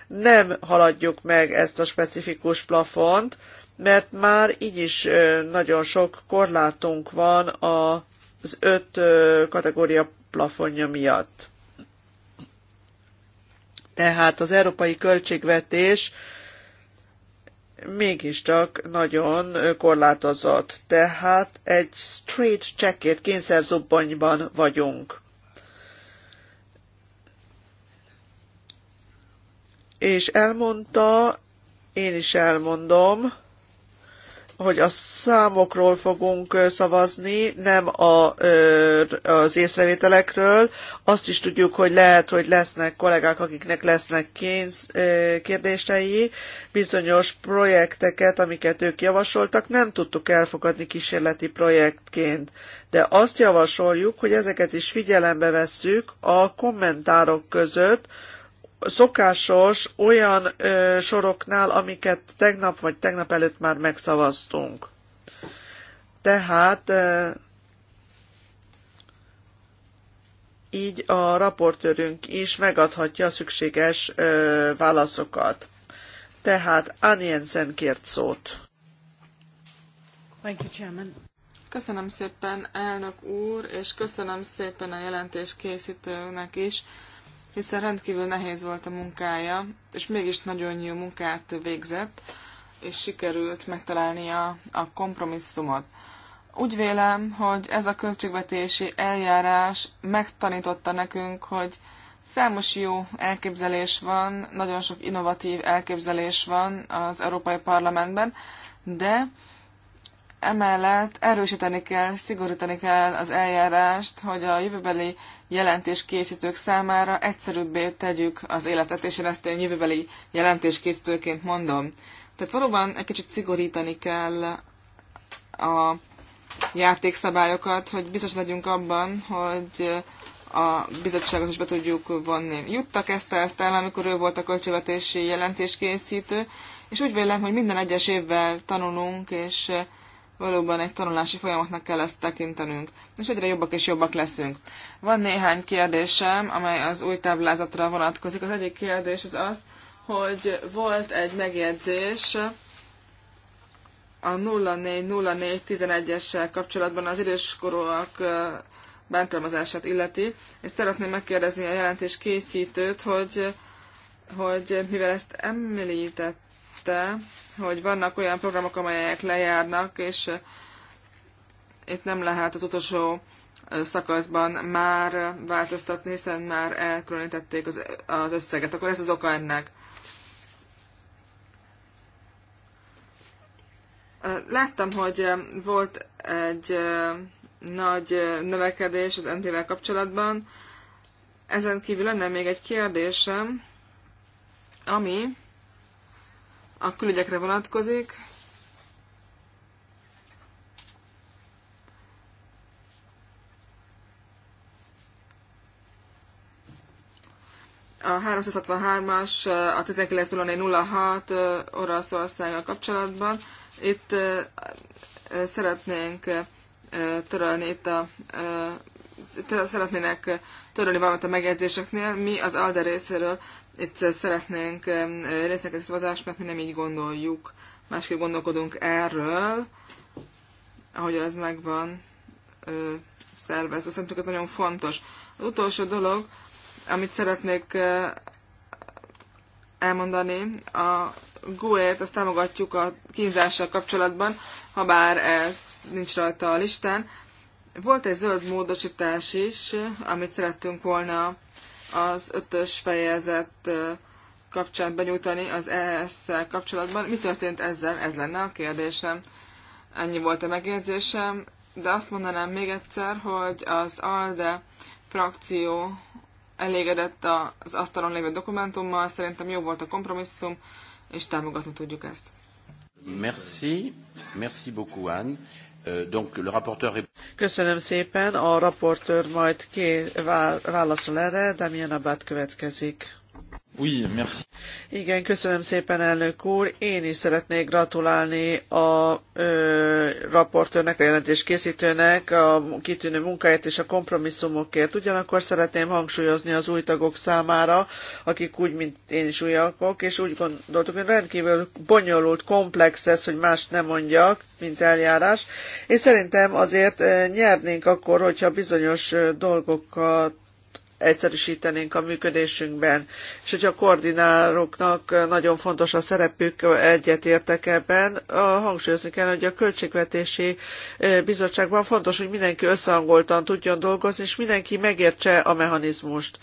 nem haladjuk meg ezt a specifikus plafont, mert már így is nagyon sok korlátunk van az öt kategória plafonja miatt. Tehát az európai költségvetés mégiscsak nagyon korlátozott. Tehát egy straight checkét kényszerzubbonyban vagyunk. És elmondta, én is elmondom, hogy a számokról fogunk szavazni, nem a, az észrevételekről. Azt is tudjuk, hogy lehet, hogy lesznek kollégák, akiknek lesznek kénz, kérdései, bizonyos projekteket, amiket ők javasoltak, nem tudtuk elfogadni kísérleti projektként. De azt javasoljuk, hogy ezeket is figyelembe vesszük a kommentárok között, szokásos olyan ö, soroknál, amiket tegnap vagy tegnap előtt már megszavaztunk. Tehát ö, így a raportőrünk is megadhatja a szükséges ö, válaszokat. Tehát Ann Jensen kért szót. Thank you, Chairman. Köszönöm szépen, elnök úr, és köszönöm szépen a jelentés készítőnek is hiszen rendkívül nehéz volt a munkája, és mégis nagyon jó munkát végzett, és sikerült megtalálnia a kompromisszumot. Úgy vélem, hogy ez a költségvetési eljárás megtanította nekünk, hogy számos jó elképzelés van, nagyon sok innovatív elképzelés van az Európai Parlamentben, de emellett erősíteni kell, szigorítani kell az eljárást, hogy a jövőbeli jelentéskészítők számára egyszerűbbé tegyük az életet, és én ezt én jövőbeli jelentéskészítőként mondom. Tehát valóban egy kicsit szigorítani kell a játékszabályokat, hogy biztos legyünk abban, hogy a bizottságot is be tudjuk vonni. Jutta kezdte ezt el, amikor ő volt a költségvetési jelentéskészítő, és úgy vélem, hogy minden egyes évvel tanulunk, és valóban egy tanulási folyamatnak kell ezt tekintenünk, és egyre jobbak és jobbak leszünk. Van néhány kérdésem, amely az új táblázatra vonatkozik. Az egyik kérdés az az, hogy volt egy megjegyzés a 040411-essel kapcsolatban az időskorúak bántalmazását illeti, és szeretném megkérdezni a jelentés készítőt, hogy, hogy mivel ezt említette, hogy vannak olyan programok, amelyek lejárnak, és itt nem lehet az utolsó szakaszban már változtatni, hiszen már elkülönítették az, az összeget. Akkor ez az oka ennek. Láttam, hogy volt egy nagy növekedés az NP-vel kapcsolatban. Ezen kívül lenne még egy kérdésem, ami a külügyekre vonatkozik. A 363-as, a 190406 Oroszországgal kapcsolatban. Itt szeretnénk törölni itt a szeretnének törölni valamit a megjegyzéseknél. Mi az ALDE részéről itt szeretnénk részeket szavazást, mert mi nem így gondoljuk. Másképp gondolkodunk erről, ahogy ez megvan szervezve. Szerintem ez nagyon fontos. Az utolsó dolog, amit szeretnék elmondani, a GUE-t azt támogatjuk a kínzással kapcsolatban, ha bár ez nincs rajta a listán, volt egy zöld módosítás is, amit szerettünk volna az ötös fejezet kapcsán benyújtani az es kapcsolatban. Mi történt ezzel? Ez lenne a kérdésem. Ennyi volt a megjegyzésem, de azt mondanám még egyszer, hogy az ALDE frakció elégedett az asztalon lévő dokumentummal, szerintem jó volt a kompromisszum, és támogatni tudjuk ezt. Merci, merci beaucoup Anne. Euh, Köszönöm szépen, a raportőr majd ké, válaszol erre, Damien Abad következik. Oui, merci. Igen, köszönöm szépen, elnök úr. Én is szeretnék gratulálni a ö, raportőrnek, a jelentés készítőnek a kitűnő munkáért és a kompromisszumokért. Ugyanakkor szeretném hangsúlyozni az új tagok számára, akik úgy, mint én is újakok, és úgy gondoltuk, hogy rendkívül bonyolult, komplex ez, hogy mást nem mondjak, mint eljárás, és szerintem azért nyernénk akkor, hogyha bizonyos dolgokat egyszerűsítenénk a működésünkben. És hogyha a koordinároknak nagyon fontos a szerepük, egyetértek ebben, hangsúlyozni kell, hogy a Költségvetési Bizottságban fontos, hogy mindenki összehangoltan tudjon dolgozni, és mindenki megértse a mechanizmust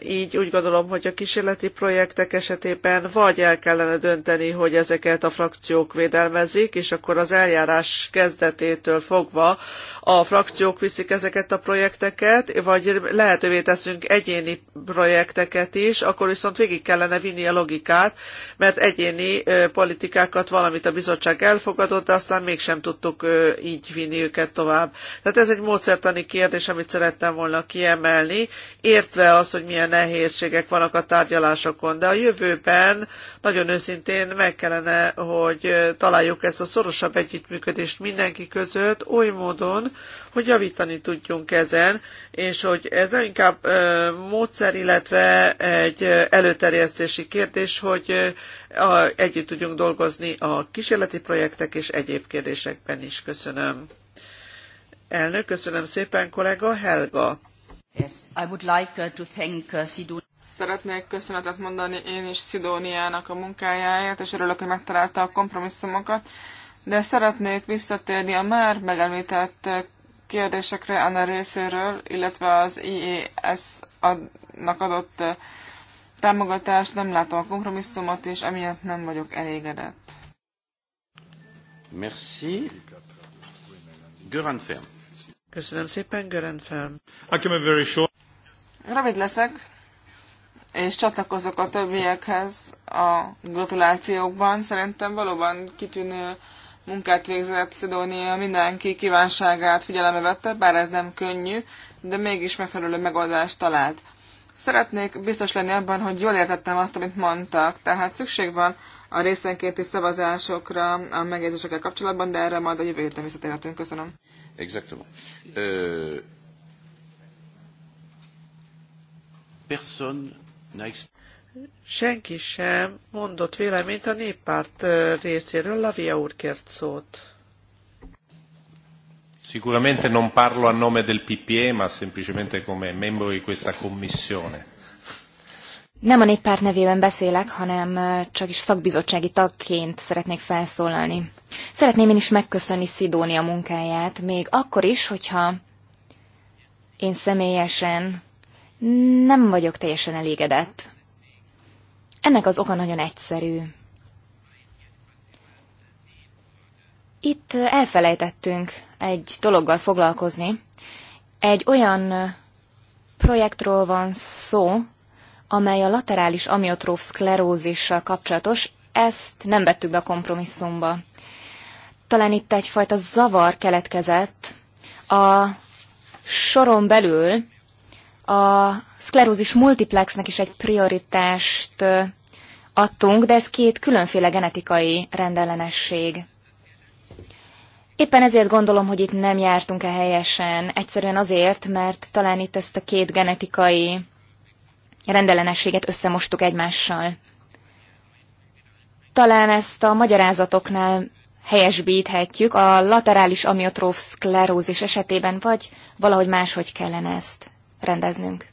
így úgy gondolom, hogy a kísérleti projektek esetében vagy el kellene dönteni, hogy ezeket a frakciók védelmezik, és akkor az eljárás kezdetétől fogva a frakciók viszik ezeket a projekteket, vagy lehetővé teszünk egyéni projekteket is, akkor viszont végig kellene vinni a logikát, mert egyéni politikákat valamit a bizottság elfogadott, de aztán mégsem tudtuk így vinni őket tovább. Tehát ez egy módszertani kérdés, amit szerettem volna kiemelni, értve az, hogy milyen nehézségek vannak a tárgyalásokon, de a jövőben nagyon őszintén meg kellene, hogy találjuk ezt a szorosabb együttműködést mindenki között oly módon, hogy javítani tudjunk ezen, és hogy ez nem inkább ö, módszer, illetve egy előterjesztési kérdés, hogy a, együtt tudjunk dolgozni a kísérleti projektek és egyéb kérdésekben is. Köszönöm. Elnök, köszönöm szépen, kollega Helga. Yes, I would like uh, to thank uh, Sidon. Szeretnék köszönetet mondani én is Szidóniának a munkájáért, és örülök, hogy megtalálta a kompromisszumokat, de szeretnék visszatérni a már megemlített kérdésekre Anna részéről, illetve az IES-nak adott támogatást, nem látom a kompromisszumot, és emiatt nem vagyok elégedett. Merci. Göran Fern. Köszönöm szépen, Gören Felm. Rövid leszek, és csatlakozok a többiekhez a gratulációkban. Szerintem valóban kitűnő munkát végzett Szidónia, mindenki kívánságát figyelembe vette, bár ez nem könnyű, de mégis megfelelő megoldást talált. Szeretnék biztos lenni abban, hogy jól értettem azt, amit mondtak, tehát szükség van a részenkénti szavazásokra a megjegyzésekkel kapcsolatban, de erre majd a jövő héten visszatérhetünk. Köszönöm. Exactement. Euh... Senki sem mondott véleményt a néppárt részéről. Lavia úr kért szót. Sicuramente non parlo a nome del PPE, ma semplicemente come membro di questa commissione. Nem a néppárt nevében beszélek, hanem csak is szakbizottsági tagként szeretnék felszólalni. Szeretném én is megköszönni Szidónia munkáját, még akkor is, hogyha én személyesen nem vagyok teljesen elégedett. Ennek az oka nagyon egyszerű. Itt elfelejtettünk egy dologgal foglalkozni. Egy olyan projektről van szó, amely a laterális amiotróf szklerózissal kapcsolatos, ezt nem vettük be a kompromisszumba. Talán itt egyfajta zavar keletkezett. A soron belül a szklerózis multiplexnek is egy prioritást adtunk, de ez két különféle genetikai rendellenesség. Éppen ezért gondolom, hogy itt nem jártunk-e helyesen, egyszerűen azért, mert talán itt ezt a két genetikai rendellenességet összemostuk egymással. Talán ezt a magyarázatoknál helyesbíthetjük, a laterális amiotróf szklerózis esetében, vagy valahogy máshogy kellene ezt rendeznünk.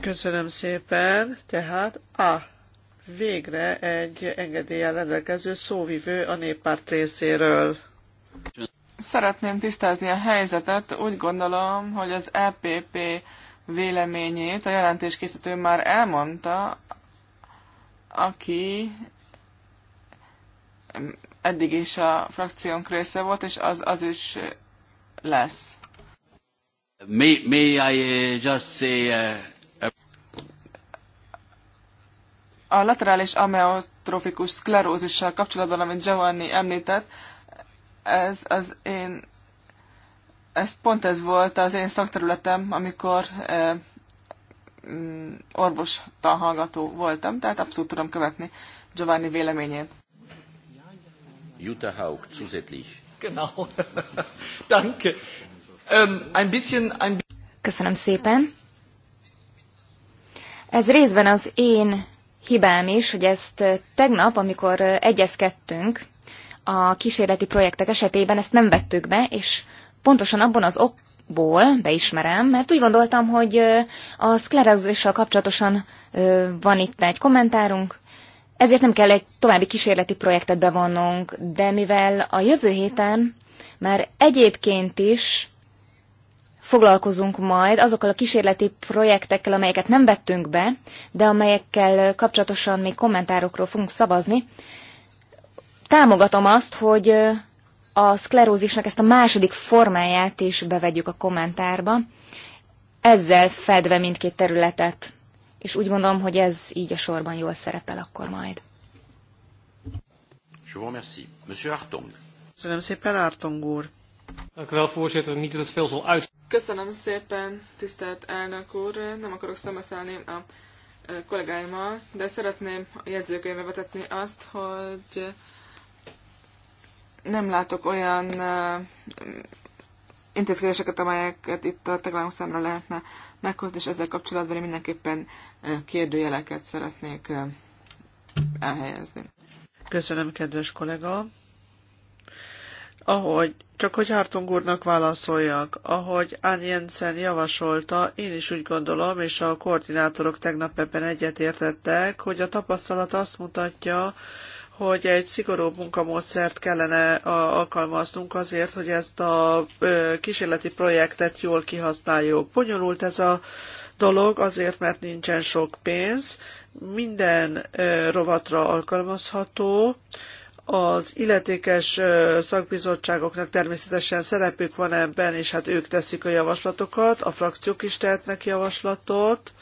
Köszönöm szépen. Tehát A. Végre egy engedélyen rendelkező szóvivő a néppárt részéről. Szeretném tisztázni a helyzetet. Úgy gondolom, hogy az EPP véleményét a jelentéskészítő már elmondta, aki eddig is a frakciónk része volt, és az, az is lesz. May, may I uh, just say, uh, a laterális ameotrofikus szklerózissal kapcsolatban, amit Giovanni említett, ez az én ez pont ez volt az én szakterületem, amikor mm, orvos hallgató voltam, tehát abszolút tudom követni Giovanni véleményét. Jutta Haug zusätzlich. Genau. <laughs> Danke. Um, ein bisschen, ein... Köszönöm szépen. Ez részben az én hibám is, hogy ezt tegnap, amikor egyezkedtünk a kísérleti projektek esetében, ezt nem vettük be, és pontosan abban az okból, beismerem, mert úgy gondoltam, hogy a szklerózissal kapcsolatosan van itt egy kommentárunk, ezért nem kell egy további kísérleti projektet bevonnunk, de mivel a jövő héten már egyébként is foglalkozunk majd azokkal a kísérleti projektekkel, amelyeket nem vettünk be, de amelyekkel kapcsolatosan még kommentárokról fogunk szavazni. Támogatom azt, hogy a szklerózisnak ezt a második formáját is bevegyük a kommentárba, ezzel fedve mindkét területet, és úgy gondolom, hogy ez így a sorban jól szerepel akkor majd. Je vous remercie. Monsieur Hartong. Köszönöm szépen, Artong úr. Köszönöm szépen, tisztelt elnök úr. Nem akarok szembeszállni a eh, kollégáimmal, de szeretném a jegyzőkönyvbe vetetni azt, hogy nem látok olyan intézkedéseket, amelyeket itt a tagállamok számra lehetne meghozni, és ezzel kapcsolatban én mindenképpen kérdőjeleket szeretnék elhelyezni. Köszönöm, kedves kollega. Ahogy, csak hogy Hartung úrnak válaszoljak, ahogy Ann Jensen javasolta, én is úgy gondolom, és a koordinátorok tegnap ebben egyetértettek, hogy a tapasztalat azt mutatja, hogy egy szigorúbb munkamódszert kellene alkalmaznunk azért, hogy ezt a kísérleti projektet jól kihasználjuk. Bonyolult ez a dolog azért, mert nincsen sok pénz, minden rovatra alkalmazható, az illetékes szakbizottságoknak természetesen szerepük van ebben, és hát ők teszik a javaslatokat, a frakciók is tehetnek javaslatot,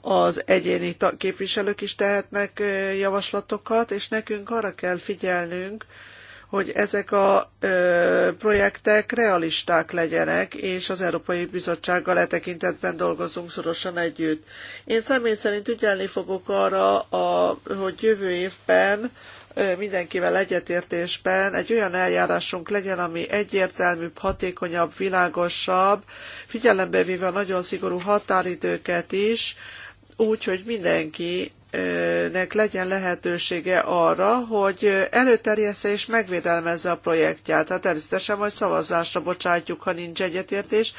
az egyéni képviselők is tehetnek javaslatokat, és nekünk arra kell figyelnünk, hogy ezek a ö, projektek realisták legyenek, és az Európai Bizottsággal e tekintetben dolgozunk szorosan együtt. Én személy szerint ügyelni fogok arra, a, hogy jövő évben ö, mindenkivel egyetértésben egy olyan eljárásunk legyen, ami egyértelműbb, hatékonyabb, világosabb, figyelembe véve a nagyon szigorú határidőket is, ö, úgy, hogy mindenki nek legyen lehetősége arra, hogy előterjessze és megvédelmezze a projektját. Tehát természetesen majd szavazásra bocsátjuk, ha nincs egyetértés,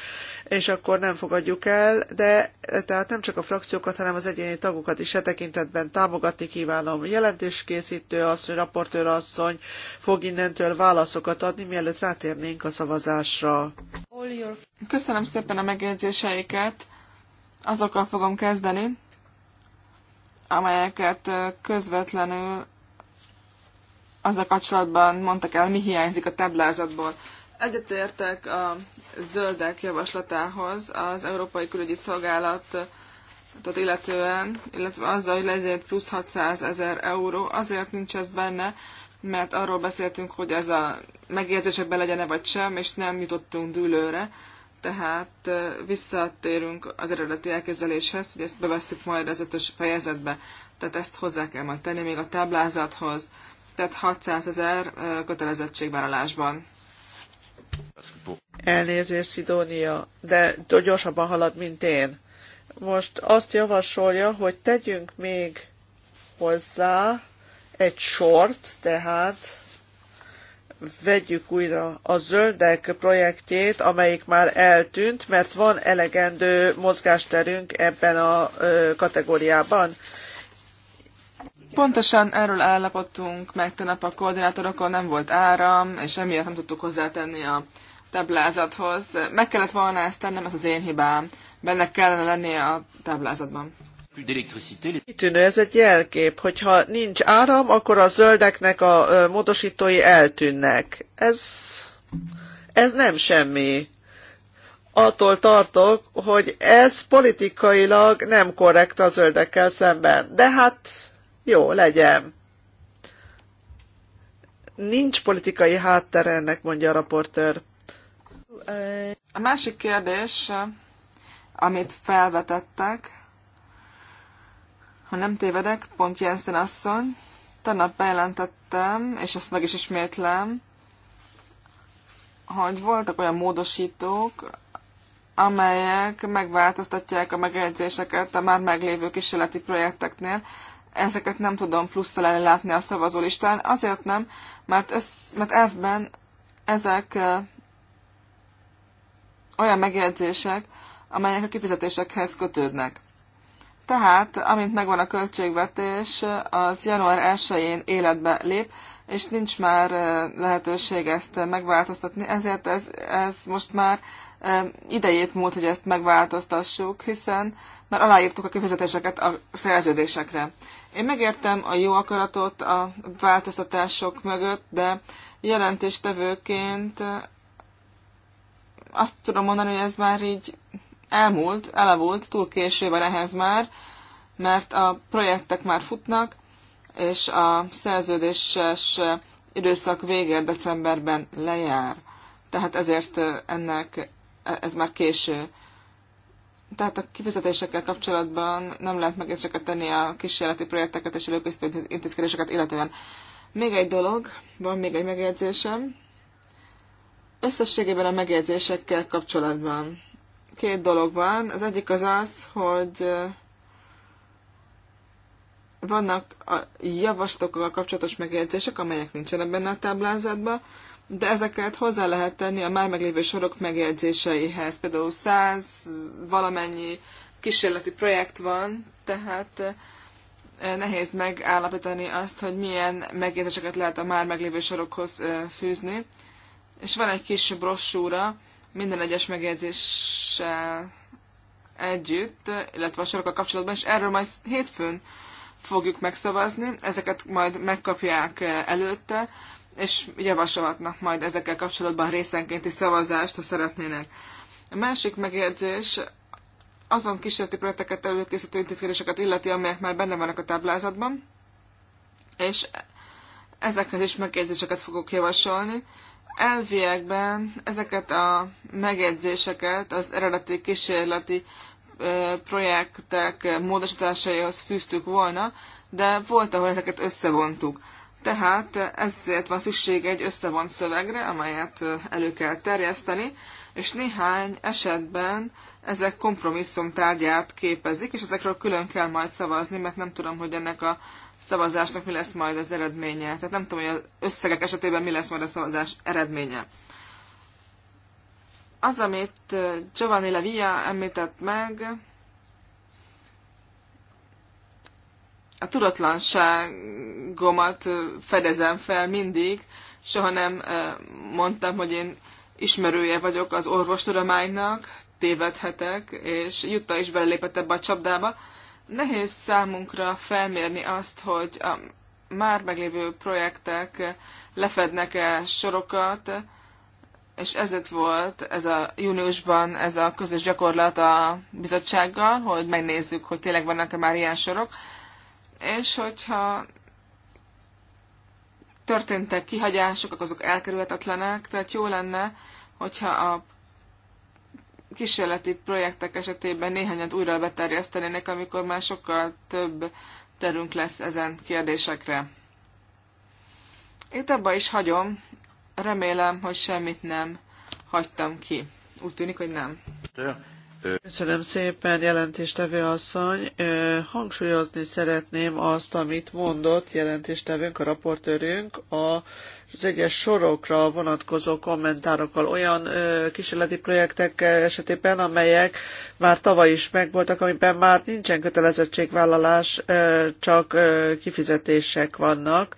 és akkor nem fogadjuk el, de tehát nem csak a frakciókat, hanem az egyéni tagokat is e tekintetben támogatni kívánom. Jelentéskészítő asszony, raportőr asszony fog innentől válaszokat adni, mielőtt rátérnénk a szavazásra. Köszönöm szépen a megjegyzéseiket. Azokkal fogom kezdeni, amelyeket közvetlenül a kapcsolatban mondtak el, mi hiányzik a táblázatból. Egyetértek a zöldek javaslatához az Európai Külügyi Szolgálat tehát illetően, illetve azzal, hogy legyen plusz 600 ezer euró, azért nincs ez benne, mert arról beszéltünk, hogy ez a megjegyzésekben legyen-e vagy sem, és nem jutottunk dűlőre tehát visszatérünk az eredeti elképzeléshez, hogy ezt bevesszük majd az ötös fejezetbe. Tehát ezt hozzá kell majd tenni még a táblázathoz. Tehát 600 ezer kötelezettségvállalásban. Elnézést, Szidónia, de gyorsabban halad, mint én. Most azt javasolja, hogy tegyünk még hozzá egy sort, tehát vegyük újra a zöldek projektjét, amelyik már eltűnt, mert van elegendő mozgásterünk ebben a kategóriában. Pontosan erről állapodtunk meg tegnap a koordinátorokon, nem volt áram, és emiatt nem tudtuk hozzátenni a táblázathoz. Meg kellett volna ezt tennem, ez az én hibám. Benne kellene lennie a táblázatban. Kitűnő, ez egy jelkép, hogyha nincs áram, akkor a zöldeknek a módosítói eltűnnek. Ez, ez nem semmi. Attól tartok, hogy ez politikailag nem korrekt a zöldekkel szemben. De hát jó, legyen. Nincs politikai háttere ennek, mondja a raportőr. A másik kérdés, amit felvetettek, ha nem tévedek, pont Jensen asszony, tegnap bejelentettem, és ezt meg is ismétlem, hogy voltak olyan módosítók, amelyek megváltoztatják a megjegyzéseket a már meglévő kísérleti projekteknél. Ezeket nem tudom plusszal látni a szavazólistán. Azért nem, mert, össz, mert elfben ezek olyan megjegyzések, amelyek a kifizetésekhez kötődnek. Tehát, amint megvan a költségvetés, az január 1-én életbe lép, és nincs már eh, lehetőség ezt megváltoztatni, ezért ez, ez most már eh, idejét múlt, hogy ezt megváltoztassuk, hiszen már aláírtuk a kifizetéseket a szerződésekre. Én megértem a jó akaratot a változtatások mögött, de jelentéstevőként eh, azt tudom mondani, hogy ez már így elmúlt, elavult, túl késő van ehhez már, mert a projektek már futnak, és a szerződéses időszak vége decemberben lejár. Tehát ezért ennek e, ez már késő. Tehát a kifizetésekkel kapcsolatban nem lehet megérzéseket tenni a kísérleti projekteket és előkészítő intézkedéseket illetően. Még egy dolog, van még egy megjegyzésem. Összességében a megjegyzésekkel kapcsolatban két dolog van. Az egyik az az, hogy vannak a javaslatokkal kapcsolatos megjegyzések, amelyek nincsenek benne a táblázatban, de ezeket hozzá lehet tenni a már meglévő sorok megjegyzéseihez. Például száz valamennyi kísérleti projekt van, tehát nehéz megállapítani azt, hogy milyen megjegyzéseket lehet a már meglévő sorokhoz fűzni. És van egy kis brossúra, minden egyes megjegyzéssel együtt, illetve a sorokkal kapcsolatban, és erről majd hétfőn fogjuk megszavazni, ezeket majd megkapják előtte, és javasolhatnak majd ezekkel kapcsolatban részenkénti szavazást, ha szeretnének. A másik megjegyzés azon kísérleti projekteket előkészítő intézkedéseket illeti, amelyek már benne vannak a táblázatban, és ezekhez is megjegyzéseket fogok javasolni, Elviekben ezeket a megjegyzéseket az eredeti kísérleti projektek módosításaihoz fűztük volna, de volt, ahol ezeket összevontuk. Tehát ezért van szükség egy összevont szövegre, amelyet elő kell terjeszteni, és néhány esetben ezek kompromisszum tárgyát képezik, és ezekről külön kell majd szavazni, mert nem tudom, hogy ennek a szavazásnak mi lesz majd az eredménye. Tehát nem tudom, hogy az összegek esetében mi lesz majd a szavazás eredménye. Az, amit Giovanni Levia említett meg, a tudatlanságomat fedezem fel mindig, soha nem mondtam, hogy én ismerője vagyok az orvostudománynak, tévedhetek, és Jutta is belépett ebbe a csapdába, Nehéz számunkra felmérni azt, hogy a már meglévő projektek lefednek-e sorokat, és ezért volt ez a júniusban ez a közös gyakorlat a bizottsággal, hogy megnézzük, hogy tényleg vannak-e már ilyen sorok, és hogyha történtek kihagyások, akkor azok elkerülhetetlenek, tehát jó lenne, hogyha a kísérleti projektek esetében néhányat újra beterjesztenének, amikor már sokkal több terünk lesz ezen kérdésekre. Itt abba is hagyom, remélem, hogy semmit nem hagytam ki. Úgy tűnik, hogy nem. Köszönöm szépen, jelentéstevő asszony. Hangsúlyozni szeretném azt, amit mondott jelentéstevőnk, a raportőrünk a az egyes sorokra vonatkozó kommentárokkal olyan ö, kísérleti projektek esetében, amelyek már tavaly is megvoltak, amiben már nincsen kötelezettségvállalás, ö, csak ö, kifizetések vannak,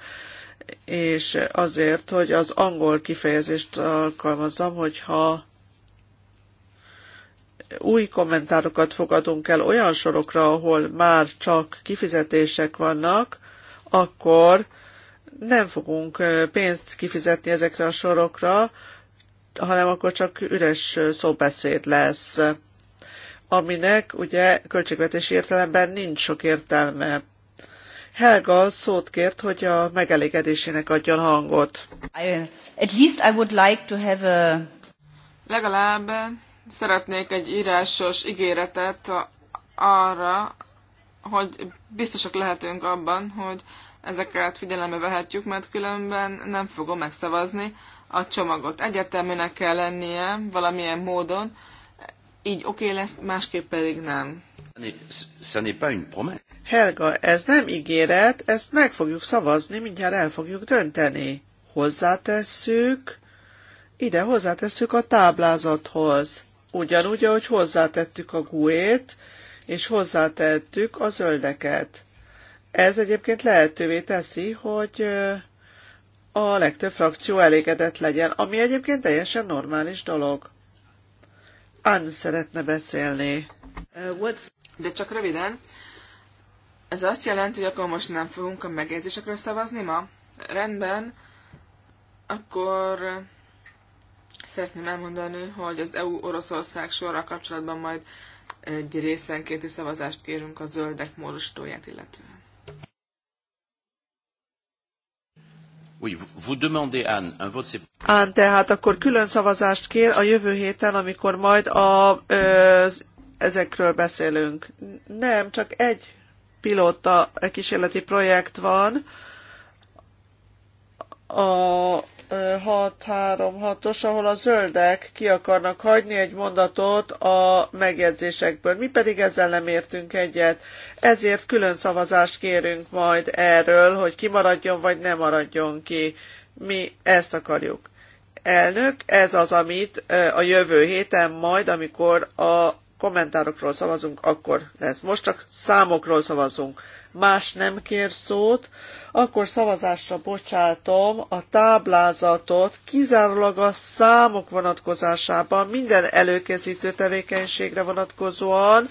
és azért, hogy az angol kifejezést alkalmazzam, hogyha új kommentárokat fogadunk el olyan sorokra, ahol már csak kifizetések vannak, akkor nem fogunk pénzt kifizetni ezekre a sorokra, hanem akkor csak üres szóbeszéd lesz, aminek ugye költségvetési értelemben nincs sok értelme. Helga szót kért, hogy a megelégedésének adjon hangot. I, at least I would like to have a... Legalább szeretnék egy írásos ígéretet arra, hogy biztosak lehetünk abban, hogy ezeket figyelembe vehetjük, mert különben nem fogom megszavazni a csomagot. Egyértelműnek kell lennie valamilyen módon, így oké okay lesz, másképp pedig nem. Helga, ez nem ígéret, ezt meg fogjuk szavazni, mindjárt el fogjuk dönteni. Hozzátesszük, ide hozzátesszük a táblázathoz. Ugyanúgy, ahogy hozzátettük a guét, és hozzátettük a zöldeket. Ez egyébként lehetővé teszi, hogy a legtöbb frakció elégedett legyen, ami egyébként teljesen normális dolog. Ann szeretne beszélni. De csak röviden. Ez azt jelenti, hogy akkor most nem fogunk a megjegyzésekről szavazni ma? Rendben. Akkor szeretném elmondani, hogy az EU-Oroszország sorra kapcsolatban majd egy részenkénti szavazást kérünk a zöldek módosítóját illetően. Án tehát akkor külön szavazást kér a jövő héten, amikor majd a, az, ezekről beszélünk. Nem, csak egy pilóta kísérleti projekt van, a 636-os, ahol a zöldek ki akarnak hagyni egy mondatot a megjegyzésekből. Mi pedig ezzel nem értünk egyet. Ezért külön szavazást kérünk majd erről, hogy ki maradjon vagy ne maradjon ki. Mi ezt akarjuk. Elnök, ez az, amit a jövő héten majd, amikor a kommentárokról szavazunk, akkor lesz. Most csak számokról szavazunk más nem kér szót, akkor szavazásra bocsátom a táblázatot kizárólag a számok vonatkozásában, minden előkészítő tevékenységre vonatkozóan,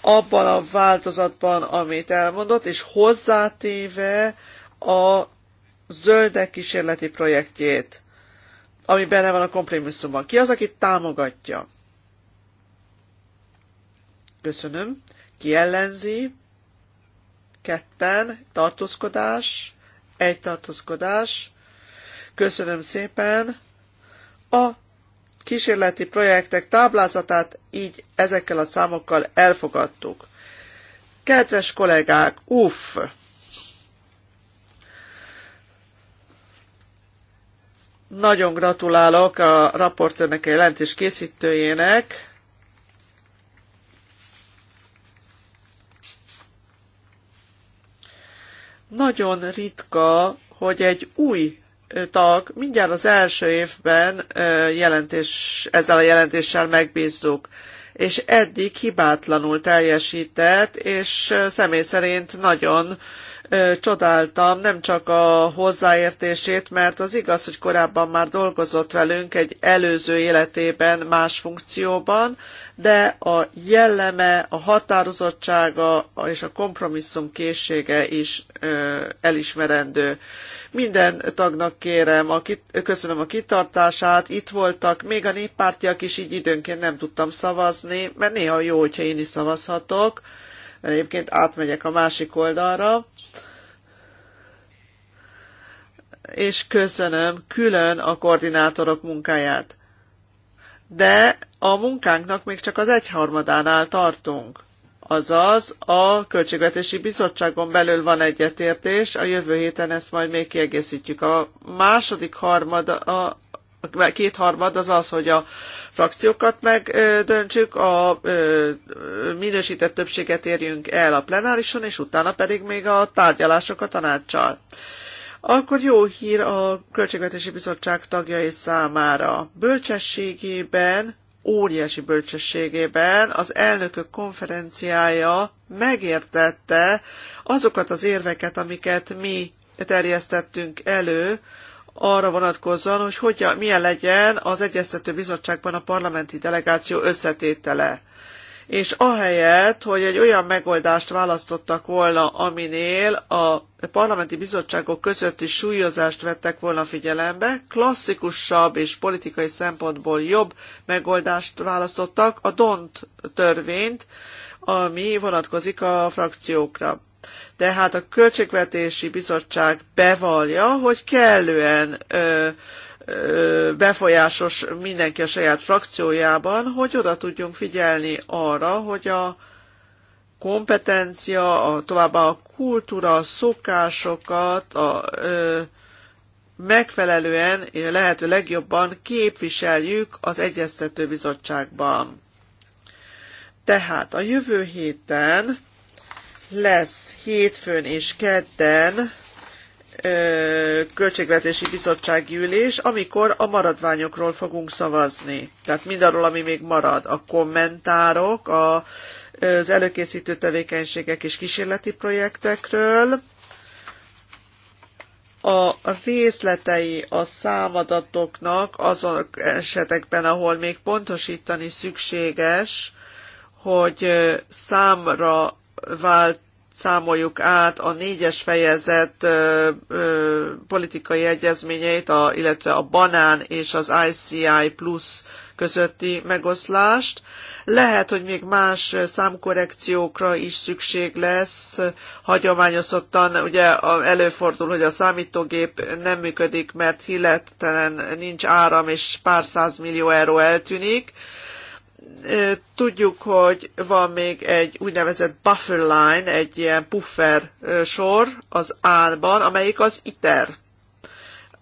abban a változatban, amit elmondott, és hozzátéve a zöldek kísérleti projektjét, ami benne van a kompromisszumban. Ki az, aki támogatja? Köszönöm. Ki ellenzi? ketten, tartózkodás, egy tartózkodás. Köszönöm szépen. A kísérleti projektek táblázatát így ezekkel a számokkal elfogadtuk. Kedves kollégák, uff! Nagyon gratulálok a raportőrnek, a jelentés készítőjének. nagyon ritka, hogy egy új tag mindjárt az első évben jelentés, ezzel a jelentéssel megbízzuk és eddig hibátlanul teljesített, és személy szerint nagyon csodáltam nem csak a hozzáértését, mert az igaz, hogy korábban már dolgozott velünk egy előző életében más funkcióban, de a jelleme, a határozottsága és a kompromisszum készsége is elismerendő. Minden tagnak kérem, a kit- köszönöm a kitartását, itt voltak, még a néppártiak is így időnként nem tudtam szavazni, mert néha jó, hogyha én is szavazhatok, mert egyébként átmegyek a másik oldalra, és köszönöm külön a koordinátorok munkáját. De a munkánknak még csak az egyharmadánál tartunk. Azaz, a Költségvetési Bizottságon belül van egyetértés, a jövő héten ezt majd még kiegészítjük. A második harmad, a kétharmad az az, hogy a frakciókat megdöntsük, a minősített többséget érjünk el a plenárison, és utána pedig még a tárgyalások a tanácssal akkor jó hír a Költségvetési Bizottság tagjai számára. Bölcsességében, óriási bölcsességében az elnökök konferenciája megértette azokat az érveket, amiket mi terjesztettünk elő, arra vonatkozóan, hogy hogyan, milyen legyen az Egyeztető Bizottságban a parlamenti delegáció összetétele és ahelyett, hogy egy olyan megoldást választottak volna, aminél a parlamenti bizottságok közötti súlyozást vettek volna figyelembe, klasszikusabb és politikai szempontból jobb megoldást választottak, a DONT törvényt, ami vonatkozik a frakciókra. De hát a Költségvetési Bizottság bevallja, hogy kellően ö, ö, befolyásos mindenki a saját frakciójában, hogy oda tudjunk figyelni arra, hogy a kompetencia, a, továbbá a kultúra, szokásokat a, ö, megfelelően, lehető legjobban képviseljük az Egyeztető Bizottságban. Tehát a jövő héten lesz hétfőn és kedden ö, költségvetési bizottsági ülés, amikor a maradványokról fogunk szavazni. Tehát mindarról, ami még marad. A kommentárok, a az előkészítő tevékenységek és kísérleti projektekről. A részletei a számadatoknak azon esetekben, ahol még pontosítani szükséges, hogy számra vált számoljuk át a négyes fejezet ö, ö, politikai egyezményeit, a, illetve a banán és az ICI plusz közötti megoszlást. Lehet, hogy még más számkorrekciókra is szükség lesz. Hagyományosan ugye előfordul, hogy a számítógép nem működik, mert hillettelen nincs áram, és pár millió euró eltűnik tudjuk, hogy van még egy úgynevezett buffer line, egy ilyen puffer sor az álban, amelyik az ITER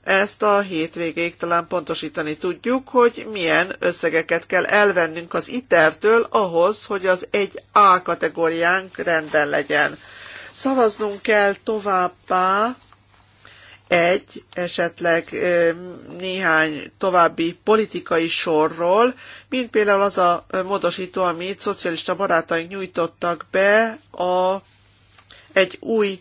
ezt a hétvégéig talán pontosítani tudjuk, hogy milyen összegeket kell elvennünk az ITER-től ahhoz, hogy az egy a kategóriánk rendben legyen. Szavaznunk kell továbbá egy, esetleg néhány további politikai sorról, mint például az a módosító, amit szocialista barátaink nyújtottak be a, egy új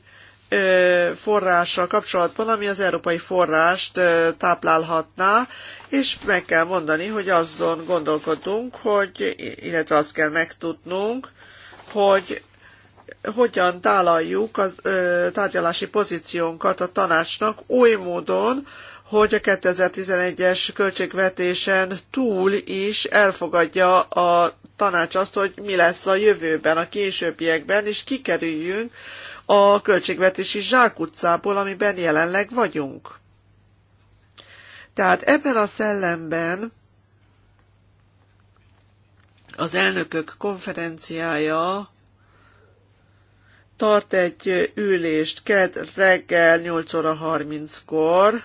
forrással kapcsolatban, ami az európai forrást táplálhatná, és meg kell mondani, hogy azon gondolkodunk, hogy, illetve azt kell megtudnunk, hogy hogyan tálaljuk az tárgyalási pozíciónkat a tanácsnak oly módon, hogy a 2011-es költségvetésen túl is elfogadja a tanács azt, hogy mi lesz a jövőben, a későbbiekben, és kikerüljünk a költségvetési zsákutcából, amiben jelenleg vagyunk. Tehát ebben a szellemben az elnökök konferenciája tart egy ülést kedd reggel 8 óra 30-kor,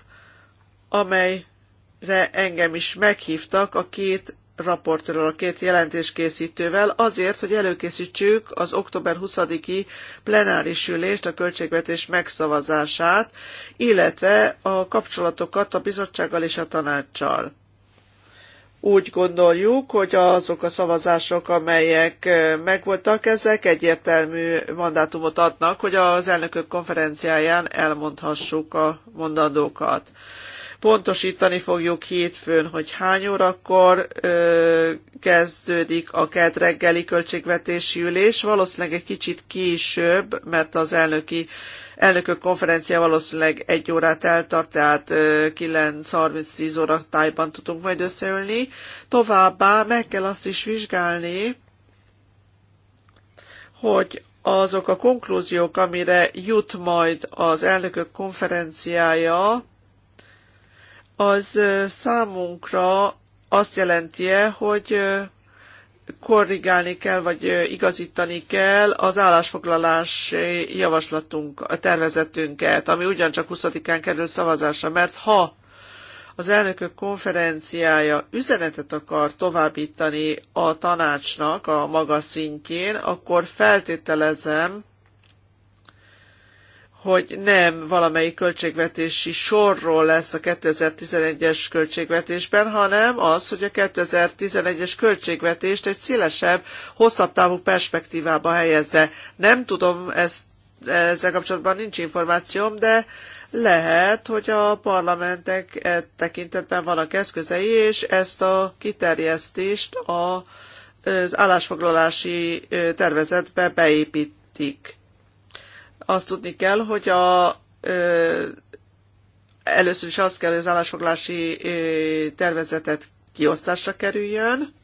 amelyre engem is meghívtak a két raportőről, a két jelentéskészítővel azért, hogy előkészítsük az október 20-i plenáris ülést, a költségvetés megszavazását, illetve a kapcsolatokat a bizottsággal és a tanácssal. Úgy gondoljuk, hogy azok a szavazások, amelyek megvoltak, ezek egyértelmű mandátumot adnak, hogy az elnökök konferenciáján elmondhassuk a mondandókat. Pontosítani fogjuk hétfőn, hogy hány órakor ö, kezdődik a kelt reggeli költségvetési ülés, valószínűleg egy kicsit később, mert az elnöki elnökök konferencia valószínűleg egy órát eltart, tehát 9.30-10 óra tájban tudunk majd összeülni. Továbbá meg kell azt is vizsgálni, hogy azok a konklúziók, amire jut majd az elnökök konferenciája, az számunkra azt jelenti -e, hogy korrigálni kell, vagy igazítani kell az állásfoglalás javaslatunk, a tervezetünket, ami ugyancsak 20-án kerül szavazásra, mert ha az elnökök konferenciája üzenetet akar továbbítani a tanácsnak a magas szintjén, akkor feltételezem, hogy nem valamelyik költségvetési sorról lesz a 2011-es költségvetésben, hanem az, hogy a 2011-es költségvetést egy szélesebb, hosszabb távú perspektívába helyezze. Nem tudom, ezt, ezzel kapcsolatban nincs információm, de lehet, hogy a parlamentek e tekintetben vannak eszközei, és ezt a kiterjesztést a, az állásfoglalási tervezetbe beépítik. Azt tudni kell, hogy a először is azt kell, hogy az állásfoglási tervezetet kiosztásra kerüljön,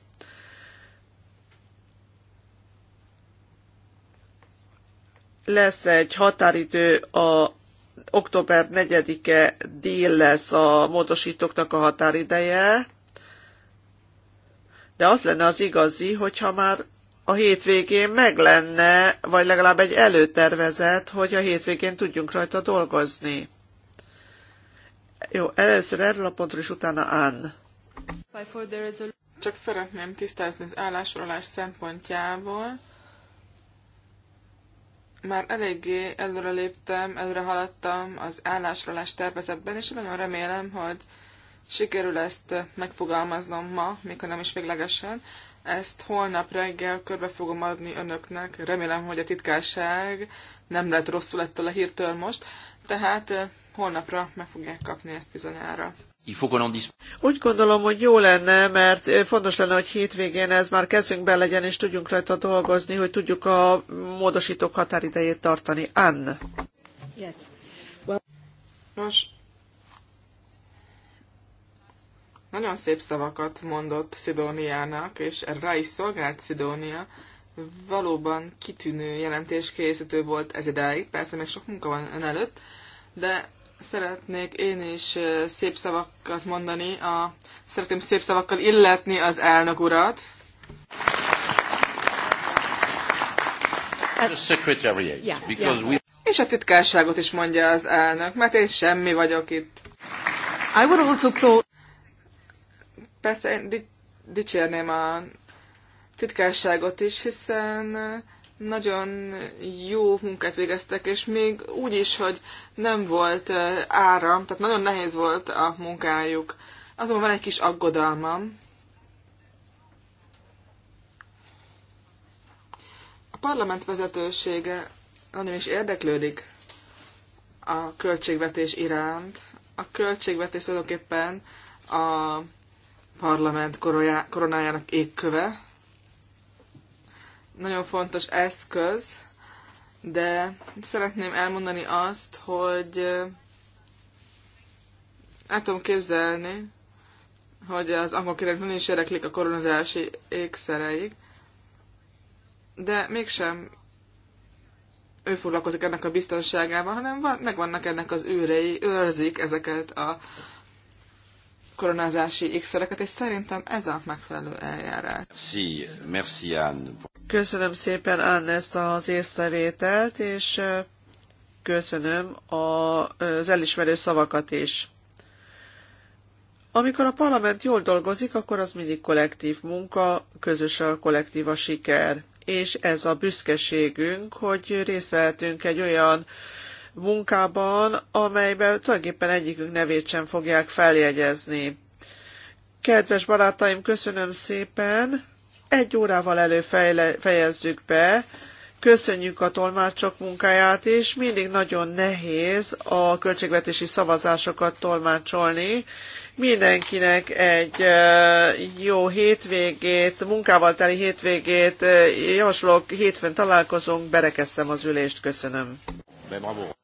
lesz egy határidő a október 4-e dél lesz a módosítóknak a határideje, de az lenne az igazi, hogyha már a hétvégén meg lenne, vagy legalább egy előtervezet, hogy a hétvégén tudjunk rajta dolgozni. Jó, először erről a pontról, és utána Ann. Csak szeretném tisztázni az állásolás szempontjából. Már eléggé előre léptem, előre haladtam az állásolás tervezetben, és nagyon remélem, hogy sikerül ezt megfogalmaznom ma, mikor nem is véglegesen, ezt holnap reggel körbe fogom adni önöknek. Remélem, hogy a titkárság nem lett rosszul ettől a hírtől most. Tehát eh, holnapra meg fogják kapni ezt bizonyára. Úgy gondolom, hogy jó lenne, mert eh, fontos lenne, hogy hétvégén ez már kezünkben legyen, és tudjunk rajta dolgozni, hogy tudjuk a módosítók határidejét tartani. Ann. Yes. Well... Nos, Nagyon szép szavakat mondott Szidóniának, és rá is szolgált Szidónia. Valóban kitűnő jelentéskészítő volt ez idáig, persze még sok munka van ön előtt, de szeretnék én is szép szavakat mondani, a, szeretném szép szavakkal illetni az elnök urat. És a titkárságot is mondja az elnök, mert én semmi vagyok itt. I would also Persze én dicsérném a titkárságot is, hiszen nagyon jó munkát végeztek, és még úgy is, hogy nem volt áram, tehát nagyon nehéz volt a munkájuk. Azonban van egy kis aggodalmam. A parlament vezetősége nagyon is érdeklődik a költségvetés iránt. A költségvetés tulajdonképpen a parlament koronájának égköve. Nagyon fontos eszköz, de szeretném elmondani azt, hogy el tudom képzelni, hogy az angol királyok is éreklik a koronázási ékszereik, de mégsem ő foglalkozik ennek a biztonságával, hanem van, megvannak ennek az űrei, őrzik ezeket a koronázási ékszereket, és szerintem ez a megfelelő eljárás. Sí, merci Anne. Köszönöm szépen Anne ezt az észrevételt, és köszönöm az elismerő szavakat is. Amikor a parlament jól dolgozik, akkor az mindig kollektív munka, közös a kollektív a siker. És ez a büszkeségünk, hogy részt vehetünk egy olyan munkában, amelyben tulajdonképpen egyikünk nevét sem fogják feljegyezni. Kedves barátaim, köszönöm szépen! Egy órával elő fejezzük be. Köszönjük a tolmácsok munkáját is. Mindig nagyon nehéz a költségvetési szavazásokat tolmácsolni. Mindenkinek egy jó hétvégét, munkával teli hétvégét javaslok. Hétfőn találkozunk, berekeztem az ülést. Köszönöm. De